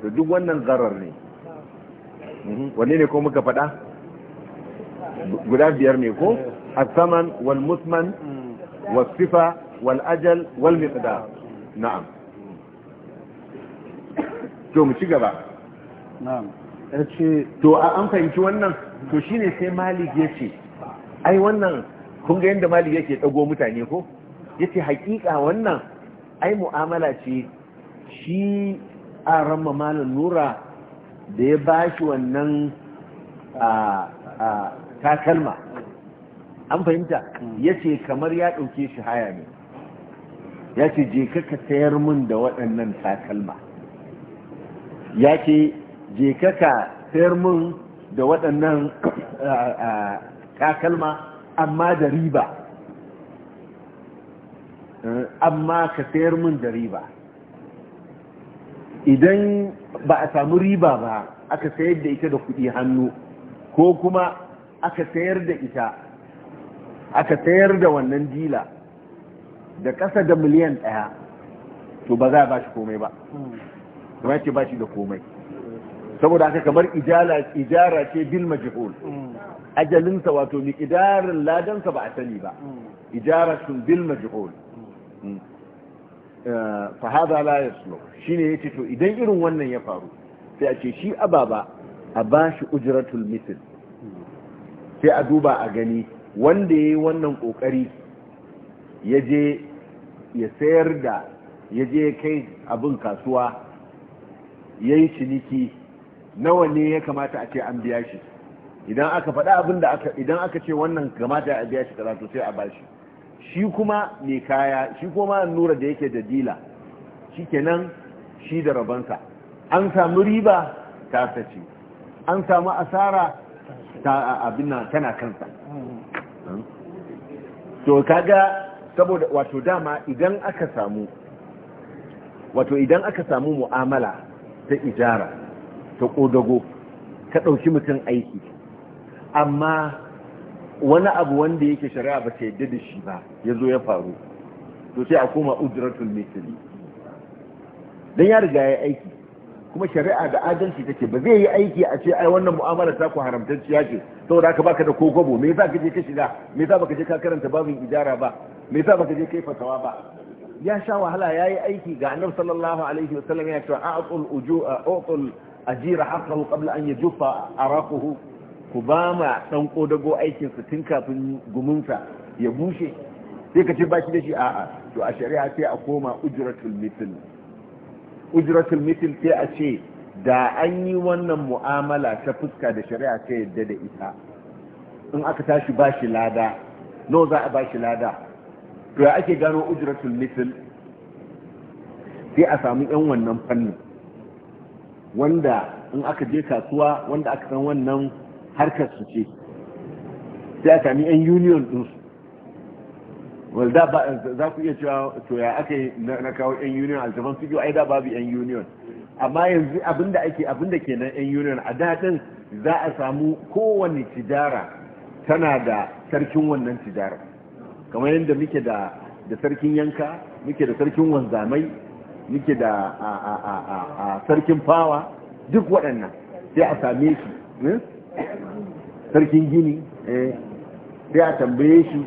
to duk wannan zarar ne mhm. wanne ne ko muka faɗa guda biyar ne ko asaman wal musman wal sifa wal ajal wal miqdar na'am to mu ci gaba na'am ce. to an fahimci wannan to shine sai malik yace ai wannan kun ga yanda malik yake dago mutane ko yace hakika wannan ai mu'amala ce shi an ramma malam nura da ya ba shi wannan takalma an fahimta ya ce kamar ya ɗauke shi haya ne ya ce je ka sayar min da waɗannan takalma ya ce je ka sayar min da waɗannan takalma amma da riba eh, amma ka sayar min da riba idan ba a samu riba ba aka sayar da ita da kuɗi hannu ko kuma aka sayar da ita aka sayar da wannan dila da ƙasa da miliyan ɗaya to ba za a ba shi komai ba kuma yake ba shi da komai saboda haka kamar ijara ce bil majihul ajalinsa wato miƙidarin ladansa ba a sani ba hmm. Ijara sun bil majihul hmm. hmm. fa hadha la yaslu shine yace to idan irin wannan ya faru sai a ce shi ababa a ba shi ujratul mithl sai a duba a gani wanda yayi wannan kokari yaje ya sayar da yaje kai abin kasuwa yayi ciniki nawa ne ya kamata a ce an biya shi idan aka faɗa abin aka idan aka ce wannan kamata a biya shi karatu sai a bashi shi kuma mai kaya shi kuma nura da yake da dila shi kenan shi da rabansa an samu riba ta sace an samu asara ta abin nan tana kansa to kaga saboda wato dama idan aka samu wato idan aka samu mu'amala ta ijara ta kodago ka ɗauki mutum aiki amma wani abu wanda yake shari'a ba ta yadda da shi ba ya zo ya faru to sai a koma udratul misli dan ya riga ya aiki kuma shari'a da adalci take ba zai yi aiki a ce ai wannan mu'amala ta ku haramtacciya ce saboda haka baka da kokobo me yasa kaje ka shiga me yasa baka je ka karanta babin idara ba me yasa baka je kai fasawa ba ya sha wahala yayi aiki ga annabi sallallahu alaihi wasallam ya ce a'tul ujua a'tul ajira haqqahu qabla an yajuffa araquhu ku ba ma ɗan ƙodago aikinsa tun kafin guminsa ya bushe sai ka ce ba shi da shi a'a to a shari'a sai a koma ujratul mitil ujratul mitil sai a ce da an yi wannan mu'amala ta fuska da shari'a ta yadda da ita in aka tashi ba shi lada no za a ba shi lada to ya ake gano ujratul mitil sai a samu yan wannan fannin wanda in aka je kasuwa wanda aka san wannan harkar su ce sai a sami yan union din su walda ba za ku iya cewa to ya aka yi na kawo yan union zaman fiƙo ai da babu yan union amma yanzu abinda ake abinda kenan yan union a daɗin za a samu kowane tijara tana da sarkin wannan tijara kamar yadda muke da sarkin yanka muke da sarkin wanzamai muke da a sarkin fawa duk waɗannan sai a same shi sarkin gini eh, sai a tambaye shi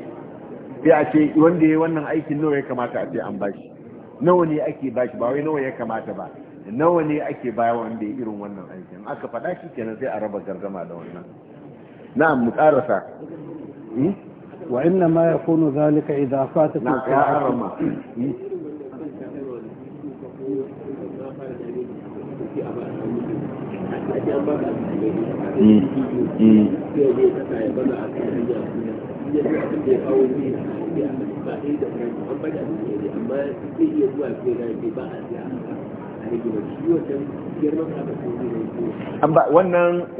sai a ce wanda ya wannan aikin nawa ya kamata a ce an bashi nawa ne ake bashi ba wai nawa ya kamata ba nawa ne ake baya wanda ya irin wannan aikin aka faɗa shi kenan sai a raba gargama da wannan na'am mu karasa hmm? wa inna ma yakunu zalika idza fatakum na'am
Thank hmm? you.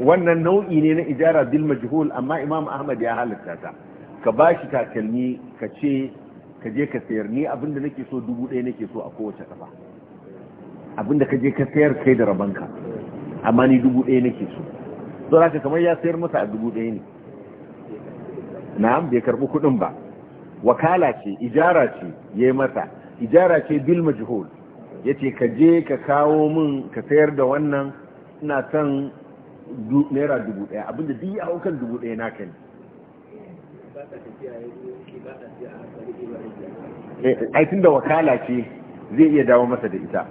wannan nau'i ne na ijara bil majhul amma imam ahmad ya halatta ta ka ba shi takalmi ka ce ka je ka sayar ni abinda nake so dubu ɗaya nake so a kowace kafa abinda ka je ka sayar kai da rabanka amma ni dubu ɗaya nake so so ka kamar ya sayar masa a dubu ɗaya ne na'am bai karɓi kuɗin ba wakala ce ijara ce ya yi masa ijara ce bil majhul ya ce ka je ka kawo min ka sayar da wannan ina son naira dubu ɗaya abinda duk ya haukan dubu ɗaya na kan eh, ai tunda wakala ce zai iya dawo masa da ita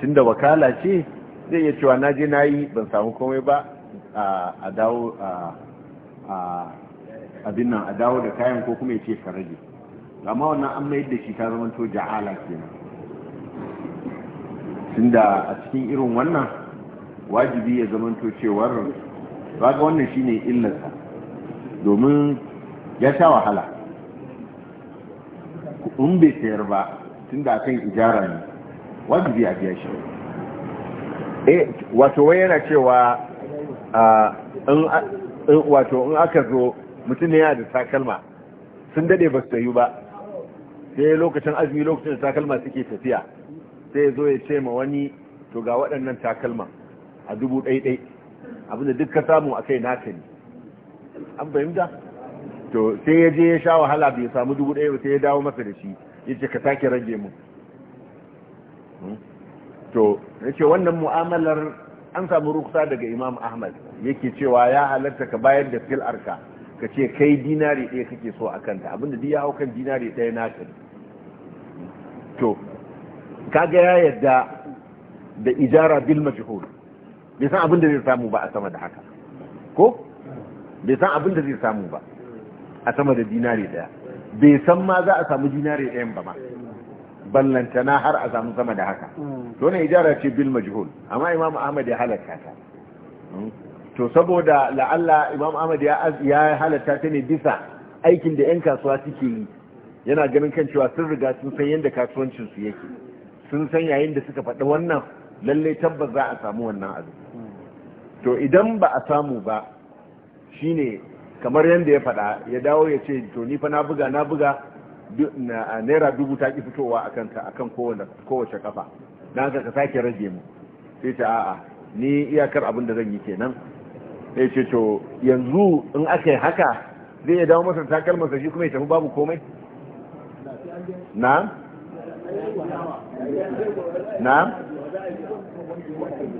tunda wakala ce zai iya cewa na je na yi ban samu komai ba a dawo abin nan a dawo da kayan ko kuma ya ce ka rage amma wannan an mayar da shi ta zama to ja'ala kenan da a cikin irin wannan wajibi ya zama to cewar raga wannan shi ne illarsa domin ya sha wahala in bai sayar ba tun da akan ijara ne wajibi a biya shi eh, wato wai yana cewa wato in aka zo mutum ne yana da takalma sun dade ba su yi ba sai lokacin azumi lokacin da takalma suke tafiya sai ya zo ya ce ma wani to ga waɗannan takalma a dubu ɗaiɗai abinda duk ka samu a kai naka ne an fahimta to sai ya je ya sha wahala bai samu dubu ɗaya ba sai ya dawo masa da shi ya ce ka sake rage mu
hmm? to
ya ce wannan mu'amalar an samu ruksa daga imam ahmad yake cewa ya halatta ka bayar da fil'arka ka ce kai dinari ɗaya kake so a kanta abinda duk ya hau kan dinari ɗaya na ka to kaga ya yadda da ijara bil majhul bai san abinda zai samu ba a sama da haka ko bai san abinda zai samu ba a sama da dinari ɗaya bai san ma za a samu dinari ɗayan ba ma ballantana har a samu sama da haka to hmm. ne ijara ce bil majhul amma imam ahmad ya halatta ta hmm. to saboda la'alla imam ahmad ya ya halatta ta ne bisa aikin da yan kasuwa suke yi yana ganin kan cewa sun riga sun san yadda kasuwancin su yake sun san yayin da suka faɗi wannan lalle tabbas za a samu wannan abu hmm. to idan ba a samu ba shine kamar yadda ya faɗa ya dawo ya ce to ni fa na buga na buga naira dubu ta ki fitowa a kanta a kan kowace kafa don haka ka sake rage mu sai ta a'a ni iyakar abin da zan yi kenan sai ce to yanzu in aka yi haka zai ya dawo masa takalmarsa sashi kuma ya tafi babu komai
na na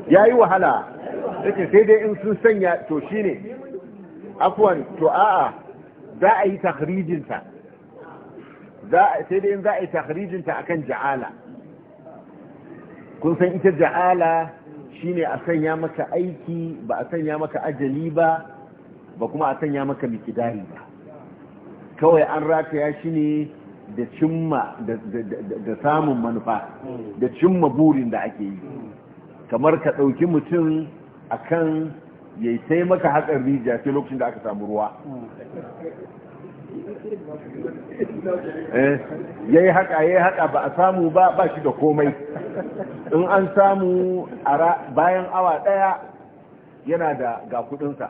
ya yi wahala yake sai
dai in sun sanya to shine akwai to a'a za a yi takrijinsa sai dai za a yi ta akan ja'ala kun san ita ja'ala shine a sanya maka aiki ba a sanya maka ajali ba ba kuma a sanya maka mikidari ba kawai an rataya shi ne da cimma da samun manufa da cimma burin da ake yi kamar ka ɗauki mutum akan ya yi sai maka haƙar rijiya sai lokacin da aka samu ruwa Eh, ya yi haka ya yi haka ba a samu ba ba shi da komai in an samu bayan awa daya yana da ga kudinsa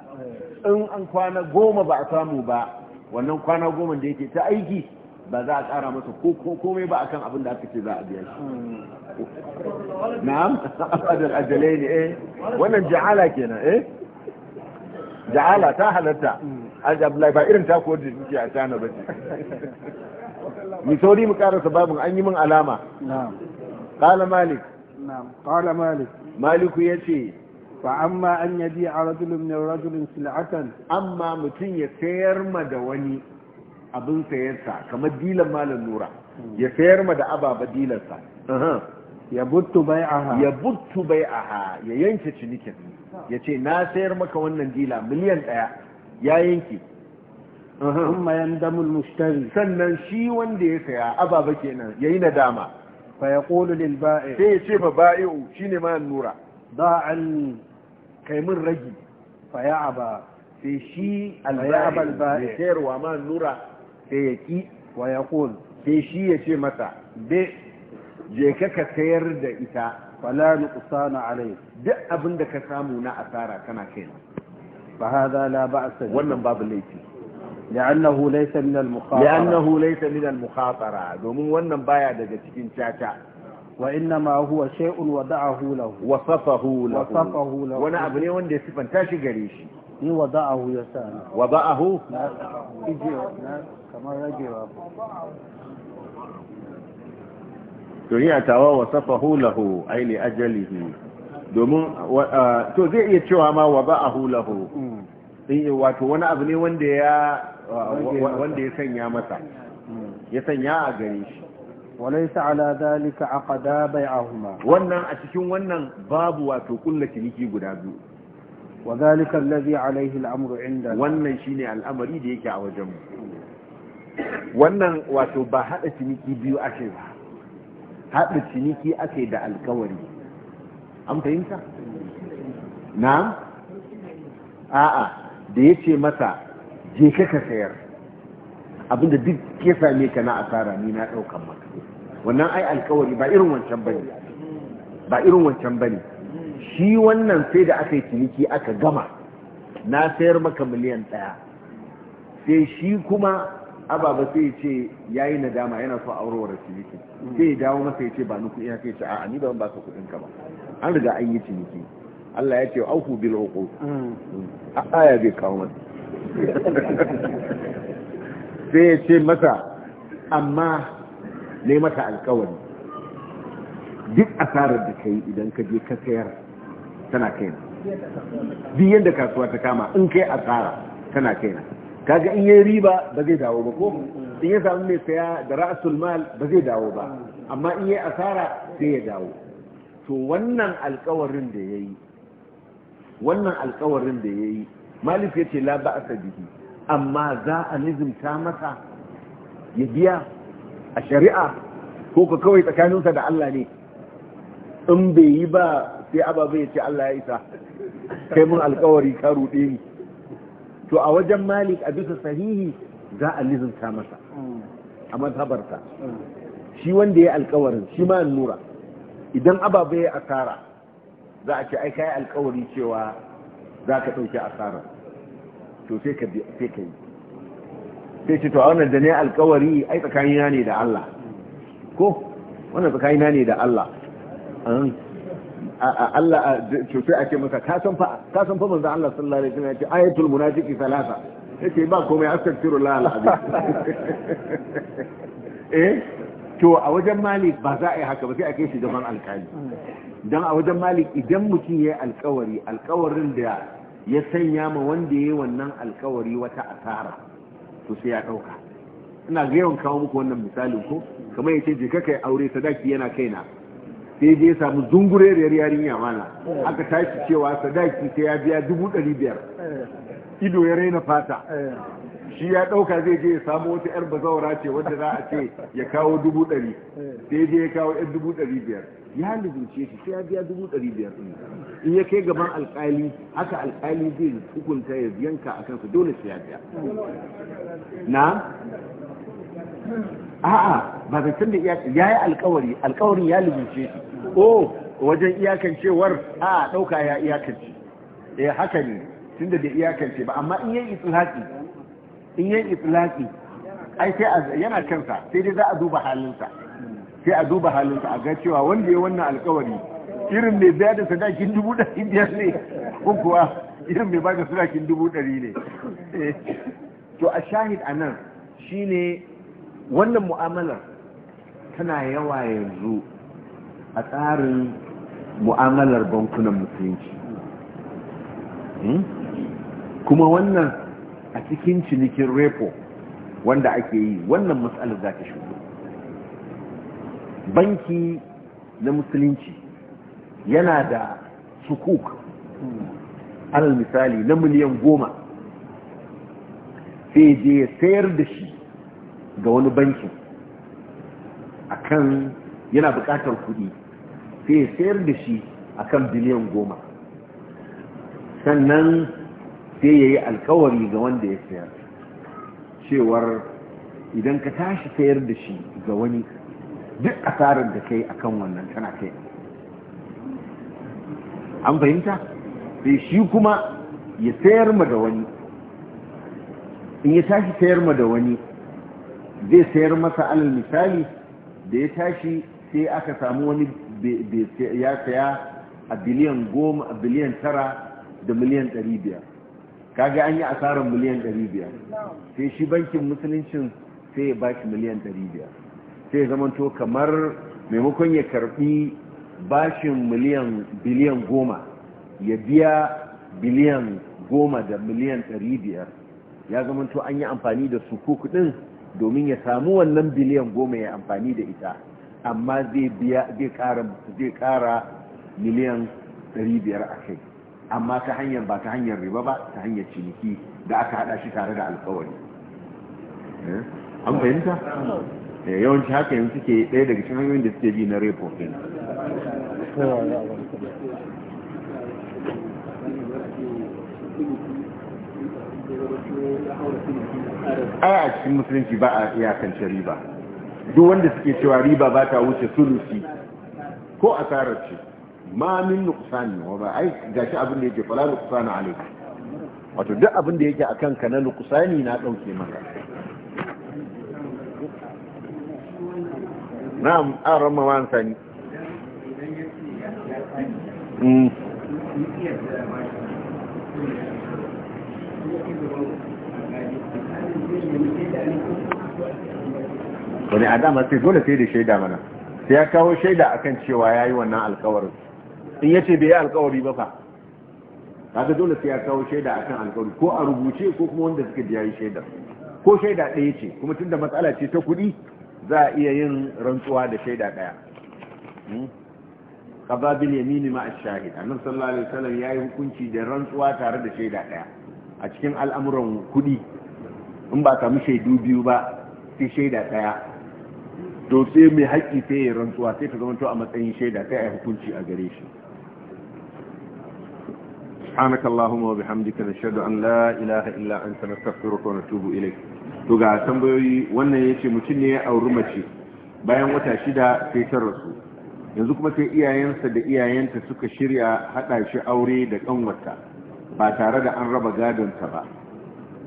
in an kwana goma ba a samu ba wannan kwana goma da yake ta aiki ba za a kara masa komai ba akan abin da aka ce za a biya shi na'am abadar ajalai ne eh wannan ja'ala kenan eh ja'ala ta halatta aji abdullahi ba irin takuwar da suke a cana ba ce sauri mu karasa babin an yi min alama Kala malik Kala malik maliku ce. fa amma an biya a rajulun min rajulin sil'atan amma mutum ya sayar ma da wani abin sayarsa kamar dilan malam nura ya sayar ma da ababa dilarsa ya buttu bai aha. ya buttu bai aha ya yanke cinikin ya ce na sayar maka wannan dila miliyan ɗaya ya yanke amma yan damul mushtari sannan shi wanda ya saya ababa kenan yayi nadama fa yaqulu lil ba'i sai ya ce ba ba'i'u shine ma nura da'an kai min ragi fa ya'aba sai shi al al ba'i sayarwa ma nura sai ya ki wa yaqul sai shi ya ce mata be je ka ka sayar da ita fala nuqsana alayhi duk abinda ka samu na asara kana kaina فهذا لا بأس به wannan babu laifi لأنه ليس من المخاطرة لأنه ليس من المخاطرة domin wannan baya daga cikin caca وإنما هو شيء وضعه له وصفه له وصفه له wani abu ne wanda ya sifanta shi gare shi ni wada'ahu
ya sa wada'ahu na kamar ragewa
to ni atawa wasafahu hu aini li ajalihi domin to zai iya cewa ma wa ba a lahu mm. wato wani abu ne wanda ya sanya masa ya sanya a gare shi walaisa ala zalika a huma wannan a cikin wannan babu wato kulla ciniki guda biyu wa zalika allazi alaihi al'amuru inda wannan shi ne al'amari da yake a wajen mu wannan wato ba haɗa ciniki biyu ake ba Haɗa ciniki ake da alkawari an fahimta
na a'a
da ya ce masa je kaka sayar abinda duk ke same ka na asara ni na ɗaukan maka wannan ai alkawari ba irin wancan bane ba irin wancan bane shi wannan sai da aka yi ciniki aka gama na sayar maka miliyan daya sai shi kuma ababa sai ce ya yi nadama yana so aurewar ciniki sai ya dawo masa ya ce ba ni kuɗi ya ce a'a ni ban ba ka ka ba an riga an yi ciniki Allah ya ce auku bil uku
mm.
a aya bai kawo masa sai ya ce masa amma ne mata alkawari duk asarar da ka yi idan ka je ka sayar tana kaina biyan yadda kasuwa ta kama in kai asara tana kaina kaga in yi riba ba zai dawo ba ko in ya samu mai saya da ra'asul mal ba zai dawo ba amma in yi asara sai ya dawo to wannan alkawarin da ya yi wannan alkawarin da ya yi malik ya ce la ba a amma za a nizimta masa ya biya a shari'a ko ka kawai tsakaninsa da Allah ne in bai yi ba sai ababa ya ce Allah ya isa
kai mun alkawari
ka ruɗe ni to a wajen malik a bisa sahihi za a nizimta masa a matabarta. shi wanda ya alkawarin shi ma nura idan ababe ya asara za a ce ai yi alkawari cewa za ka ɗauki asara to sai ka yi sai ce to a wannan da ne alkawari ai tsakanina ne da Allah ko wannan tsakanina ne da Allah Allah to sai a ce masa ka san fa ka manzo Allah sallallahu alaihi wasallam ya ce ayatul munafiqi salasa yace ba komai astaghfirullah alazim eh to a wajen malik ba za a yi haka ba sai a kai shi gaban alkali don a wajen malik idan mutum ya yi alkawari alkawarin da ya sanya ma wanda ya yi wannan alkawari wata asara to sai ya ɗauka ina ga yawan kawo muku wannan misalin ko kamar ya ce je ka kai aure sadaki yana kai na sai je ya samu zungureriyar yarinya mana aka tashi cewa sadaki sai ya biya dubu ɗari biyar ido ya raina fata shi ya ɗauka zai je ya samu wata 'yar bazawara ce wadda za a ce ya kawo dubu ɗari sai je ya kawo 'yar dubu ɗari biyar ya lizince shi sai ya biya dubu ɗari biyar in ya kai gaban alƙali haka alƙali zai hukunta ya yanka a kansa dole sai ya biya
na a'a
ba zancen da ya yi alƙawari alƙawarin ya lizince shi o wajen iyakancewar a ɗauka ya iyakance eh haka ne tun da iyakance ba amma in yayi haƙi. in yi itilaki ai sai yana kansa sai dai za a duba halinsa sai a duba halinsa a ga cewa wanda ya wannan alkawari irin mai biya da sadakin dubu ɗari biyar ne ko kuwa irin mai ba da sadakin dubu ɗari ne eh, to a shahid a nan shi ne wannan mu'amalar tana yawa yanzu a tsarin mu'amalar bankunan musulunci hmm? kuma wannan a cikin cinikin repo wanda ake yi wannan matsalar za ta shigo banki na musulunci yana da sukuk alal misali na miliyan goma sai je sayar da shi ga wani banki akan yana bukatar kudi sai ya sayar da shi akan biliyan goma sannan sai ya yi alkawari ga wanda ya sayar cewar idan ka tashi sayar da shi ga wani duk asarar da kai akan wannan tana kai an fahimta sai shi kuma ya sayar ma da wani in ya tashi sayar ma da wani zai sayar masa alal misali da ya tashi sai aka samu wani ya saya a biliyan goma a biliyan tara da miliyan ɗari biyar kaga an yi asarar miliyan 500 sai shi bankin musuluncin sai ya bashi miliyan 500 sai ya zamanto kamar maimakon ya karbi bashin miliyan biliyan goma ya biya biliyan goma da miliyan 500 ya zamanto an yi amfani da su kukudin domin ya samu wannan biliyan goma ya amfani da ita amma zai kara miliyan 500 a kai amma ta hanyar ba ta hanyar riba ba ta hanyar ciniki da aka hada shi tare da alkawari eh, an fahimta eh, yawanci haka yanzu suke ɗaya daga cikin hanyoyin da suke bi na repo ɗin ai a cikin musulunci ba a iyakance riba duk wanda suke cewa riba ba ta wuce sulusi ko asarar ce ma min nuksani wa ba ai gashi abin da yake fala nuksani alayka wato duk abin da yake akan ka na nuksani na dauke maka na'am an ramma ma sani
mm. wani
adama sai dole sai da shaida mana sai ya kawo shaida akan cewa ya yi wannan alkawarin in yace bai yi alkawari ba fa kaga dole sai ya kawo shaida akan alkawari ko a rubuce ko kuma wanda suka biya shaida ko shaida ɗaya ce kuma tunda matsala ce ta kuɗi za a iya yin rantsuwa da shaida ɗaya kaba hmm? bil ma ash-shahid annabi sallallahu alaihi wasallam yayi hukunci da rantsuwa tare da shaida ɗaya a cikin al'amuran kuɗi in ba ka mushe shaidu biyu ba sai shaida ɗaya to sai mai haƙƙi sai ya rantsuwa sai ta zama a matsayin shaida sai a hukunci a gare shi سبحانك اللهم وبحمدك نشهد ان لا اله الا انت نستغفرك ونتوب اليك to ga tambayoyi wannan yace mutum ne ya auri mace bayan wata shida sai ta rasu yanzu kuma sai iyayensa da iyayenta suka shirya hada shi aure da kanwarta ba tare da an raba gadonta ba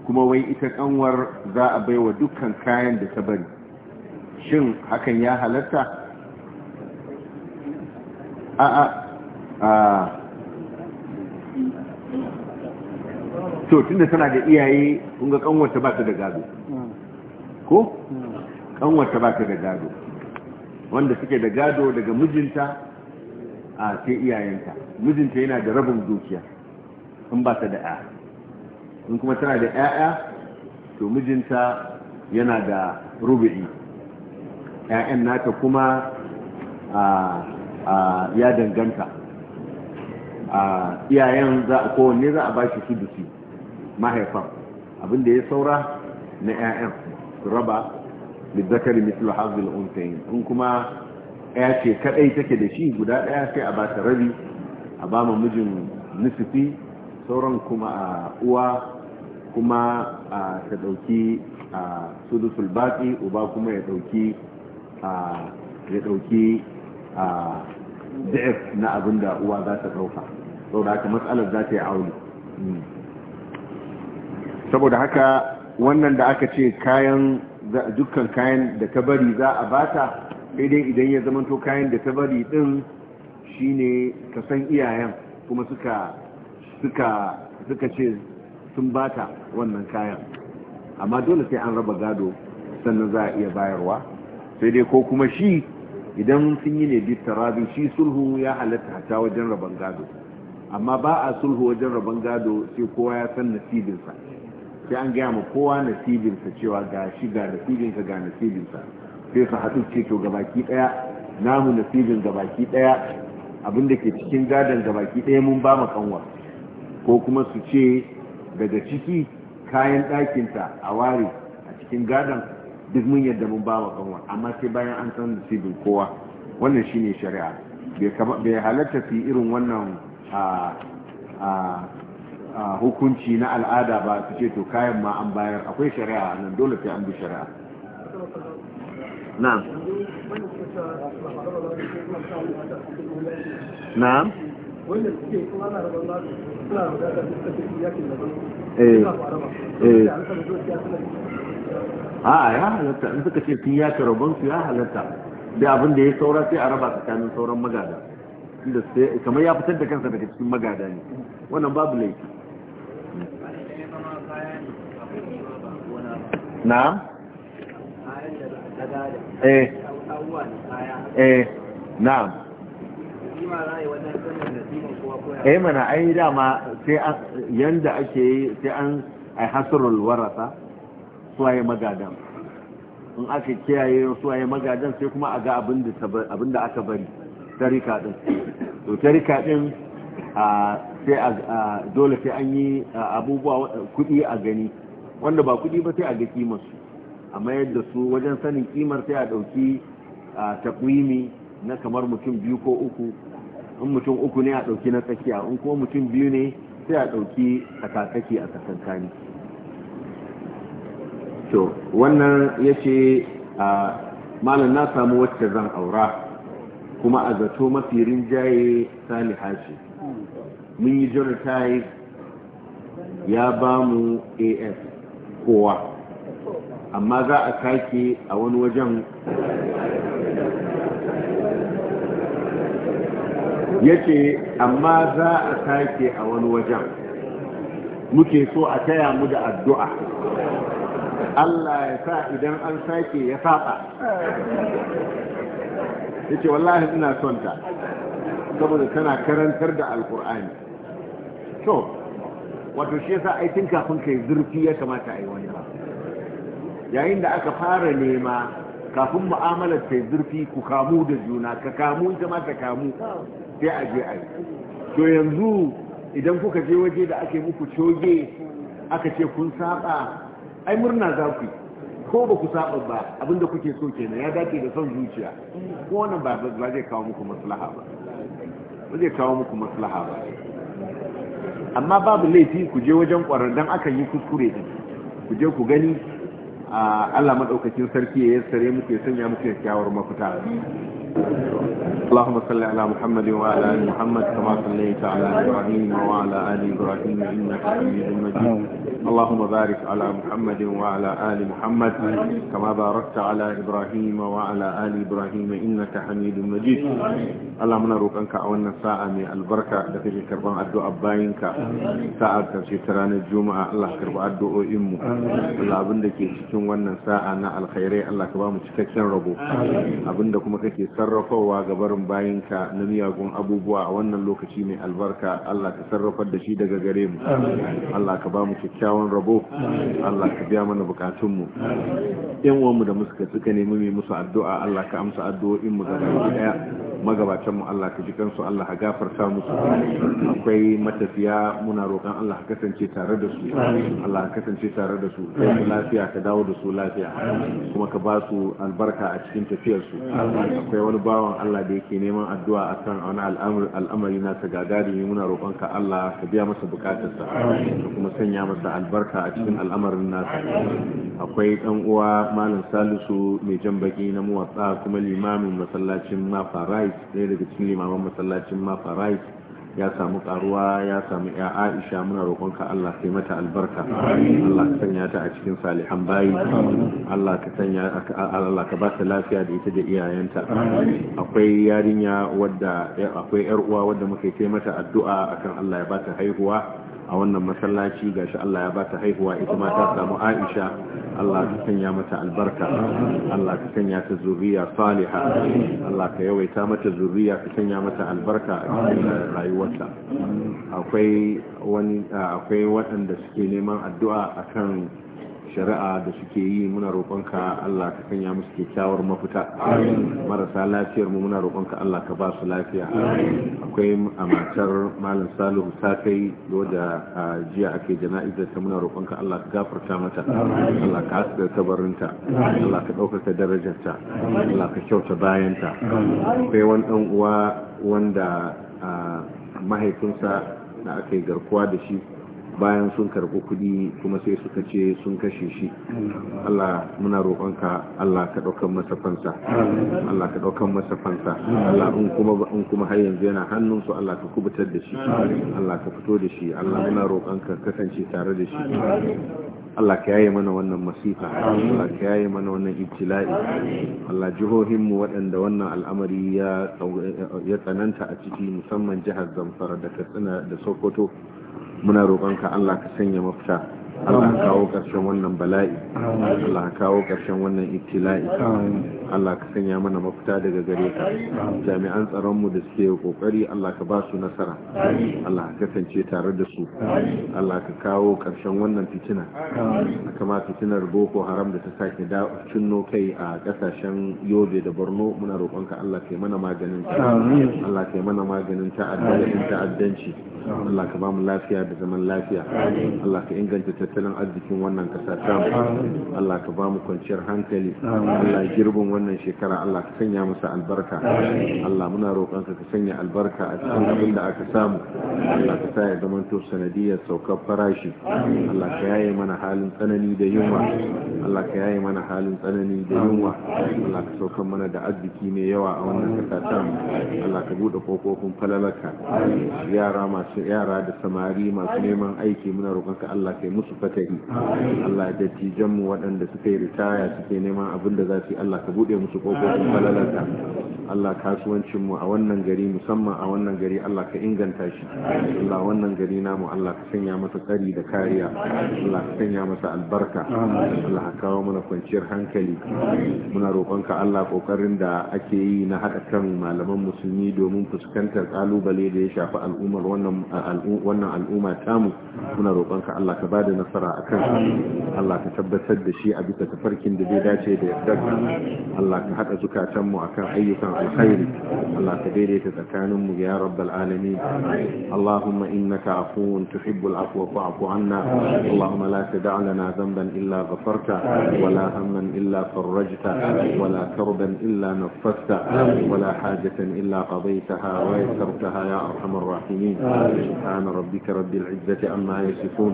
kuma wai ita kanwar za a baiwa dukkan kayan da ta bari shin hakan ya halatta a a to tunda tana da iyaye kun ga kanwarta ba ta da gado ko kanwarta ba ta da gado wanda suke da gado daga mijinta a ce iyayenta mijinta yana da rabin dukiya in ba ta da ya in kuma tana da ya'ya to mijinta yana da rubu'i 'ya'yan nata kuma ya danganta iyayen za a kowanne za a ba shi sudusi mahaifan abinda ya saura na 'ya'yan su raba lizzakari mislu hazil unsayin in kuma ya ce kadai take da shi guda ɗaya sai a ba ta rabi a ba mijin nisifi sauran kuma a uwa kuma ta dauki a sudusul baki uba kuma ya dauki ya ɗauki da'if na abin da uwa za ta ɗauka saboda haka matsalar za ta yi aure saboda haka wannan da aka ce kayan dukkan kayan da ta bari za a bata daidai idan ya zamanto kayan da ta bari din shine ka san iyayen kuma suka suka suka ce sun bata wannan kayan amma dole sai an raba gado sannan za a iya bayarwa sai dai ko kuma shi idan sun yi ne bittarabi shi sulhu ya halatta hata wajen rabon gado amma ba a sulhu wajen rabon gado sai kowa ya san nasibinsa sai an gaya ma kowa nasibinsa cewa ga shi ga nasibinka ga nasibinsa sai su haɗu ce to gabaki ɗaya namu nasibin gabaki ɗaya abin da ke cikin gadon gabaki ɗaya mun ba kanwa ko kuma su ce daga ciki kayan ɗakinta a ware a cikin gadon duk mun yadda mun ba wa kanwa amma sai bayan an san sibin kowa wannan shine shari'a bai halatta fi irin wannan hukunci na al'ada ba su ce to kayan ma an bayar akwai shari'a nan dole sai an bi shari'a
na'am na'am na eh, rabar eh.
a ya halatta in suka ce sun ya ci rabonsu ya halatta da abin da ya saura sai a raba tsakanin sauran magada kamar ya fitar da kansa daga cikin magada ne wannan babu laifi na?
eh eh na eh mana
ai dama sai yanda ake yi sai an ai hasrul warasa suwaye magadan in aka kiyaye suwaye magadan sai kuma a ga abin da aka bari tarika din to tarika din sai a dole sai an yi abubuwa kudi a gani wanda ba kudi ba sai a ga kimar su amma yadda su wajen sanin kimar sai a dauki takwimi na kamar mutum biyu ko uku in mutum uku ne a dauki na tsakiya in kuma mutum biyu ne sai a dauki tsakatsaki a tsakankani to wannan ya ce malam na samu wacce zan aura kuma a zato mafi rinjaye saliha ce mun yi jiratai ya ba mu af kowa amma za a kake a wani wajen ya ce amma za a sake a wani wajen muke so a taya mu da addu'a Allah ya sa idan an sake ya saba yace wallahi ina son ta saboda tana karantar da alkur'ani to wato shi yasa aikin kafin kai zurfi ya kamata a yi wani ba yayin da aka fara nema kafin mu'amalar ta zurfi ku kamu da juna ka kamu ita ma ta kamu sai a je a yi. to yanzu idan kuka je waje da ake muku coge aka ce kun saba ai murna za ku ko ba ku saba ba abin da kuke so kenan ya dace da son zuciya ko wannan ba ba zai kawo muku maslaha ba ba zai kawo muku maslaha ba amma babu laifi ku je wajen kwarar dan akan yi kuskure din ku je ku gani a Allah madaukakin sarki ya yassare muku ya sanya muku kyakkyawar mafita اللهم صل على محمد وعلى ال محمد كما صليت على ابراهيم وعلى ال ابراهيم انك حميد مجيد اللهم بارك على محمد وعلى ال محمد كما باركت على ابراهيم وعلى ال ابراهيم انك حميد مجيد اللهم نروقك a wannan sa'a mai albarka da kake karban addu'a bayinka sa'a karshe ta ranar juma'a Allah karba addu'o'in mu Allah abin da ke cikin wannan sa'a na alkhairai Allah ka bamu cikakken rabo abin kuma kake sarrafa sarrafawa ga barin bayinka na miyagun abubuwa a wannan lokaci mai albarka Allah ka sarrafar da shi daga gare mu Allah ka ba mu kyakkyawan rabo Allah ka biya mana bukatun mu yan uwanmu da muka suka nemi mu musu addu'a Allah ka amsa addu'o'in mu gaba daya magabatan mu Allah ka ji kansu Allah ka gafarta musu akwai matafiya muna roƙon Allah ka kasance tare da su Allah ka kasance tare da su kai lafiya ka dawo da su lafiya kuma ka ba su albarka a cikin tafiyar su akwai wani bawan Allah da yake neman addu'a a akan wani al'amari na ta ne muna roƙonka Allah ka biya masa bukatarsa da kuma sanya masa albarka a cikin al'amarin nasa akwai ɗan uwa malam salisu mai jan baki na muwatsa kuma limamin masallacin mafa rice ɗaya daga cikin limamin masallacin mafa ya samu karuwa ya samu ya aisha muna roƙonka Allah sai mata albarka Allah ka sanya ta a cikin salihan bayi Allah ka sanya Allah ka ba ta lafiya da ita da iyayenta akwai yarinya wadda akwai yar uwa wadda muke mata addu'a akan Allah ya ba ta haihuwa a wannan masallaci ga shi Allah ya ba ta haihuwa ita ma ta samu Aisha Allah ka sanya mata albarka Allah ka sanya ta zuriya saliha Allah ka yawaita mata zuriya ka sanya mata albarka a cikin rayuwarta akwai wani akwai wadanda suke neman addu'a akan shari'a da suke yi muna roƙonka Allah ka kanya musu kyakkyawar mafita marasa lafiyar mu muna roƙonka Allah ka ba su lafiya akwai a matar malam salihu ta kai da jiya ake jana'izar ta muna roƙonka Allah ka gafarta mata Allah ka asirta tabarinta Allah ka ɗaukaka darajarta Allah ka kyauta bayanta akwai wani ɗan uwa wanda mahaifinsa da aka yi garkuwa da shi bayan sun karɓi kuɗi kuma sai suka ce sun kashe shi Allah muna roƙonka Allah ka ɗaukan masa fansa Allah ka ɗaukan masa fansa Allah in kuma in kuma har yanzu yana hannun su Allah ka kubutar da shi Allah ka fito da shi Allah muna roƙonka kasance tare da shi Allah ka yaye mana wannan masifa Allah ka yaye mana wannan ibtila'i Allah jihohinmu waɗanda wannan al'amari ya tsananta a ciki musamman jihar Zamfara da Katsina da Sokoto muna roƙonka Allah ka sanya mafita Allah kawo ƙarshen wannan bala'i Allah kawo ƙarshen wannan ibtila'i Allah ka sanya mana mafita daga gare ka jami'an mu da suke kokari Allah ka ba su nasara Allah ka kasance tare da su Allah ka kawo karshen wannan fitina kama fitinar Boko Haram da ta sake da cinno kai a ƙasashen Yobe da Borno muna roƙonka Allah ka yi mana maganin Allah ka yi mana maganin ta'addanci Allah ka ba mu lafiya da zaman lafiya Allah ka inganta tattalin arzikin wannan ƙasa ta Allah ka ba mu kwanciyar hankali Allah girbin wannan shekara Allah ka sanya masa albarka Allah muna roƙonka ka sanya albarka a cikin abin da aka samu Allah ka sa ya zama to sanadiyar saukar farashi Allah ka yaye mana halin tsanani da yunwa Allah ka yaye mana halin tsanani da yunwa Allah ka sauka mana da arziki mai yawa a wannan kasa ta Allah ka bude kofofin falalaka yara masu yara da samari masu neman aiki muna roƙonka Allah ka yi musu fatari Allah da waɗanda suka yi ritaya suke neman abin da za su yi Allah ka bude bude musu kofofin falalarka Allah kasuwancin mu a wannan gari musamman a wannan gari Allah ka inganta shi Allah wannan gari namu Allah ka sanya masa tsari da kariya Allah ka sanya masa albarka Allah ka kawo mana kwanciyar hankali muna roƙonka Allah kokarin da ake yi na haɗa kan malaman musulmi domin fuskantar kalubale da ya shafi al'ummar wannan wannan al'umma tamu muna roƙonka Allah ka bada nasara akan Allah ka tabbatar da shi a bisa tafarkin da zai dace da yardar. الله كحد أزكاتم وأكان أيك الخير الله كبير تتكان يا رب العالمين اللهم إنك عفو تحب العفو فاعف عنا اللهم لا تدع لنا ذنبا إلا غفرته ولا هما إلا فرجت ولا كربا إلا نفست ولا حاجة إلا قضيتها ويسرتها يا أرحم الراحمين سبحان ربك رب العزة أما يصفون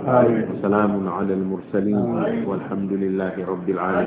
وسلام على المرسلين والحمد لله رب العالمين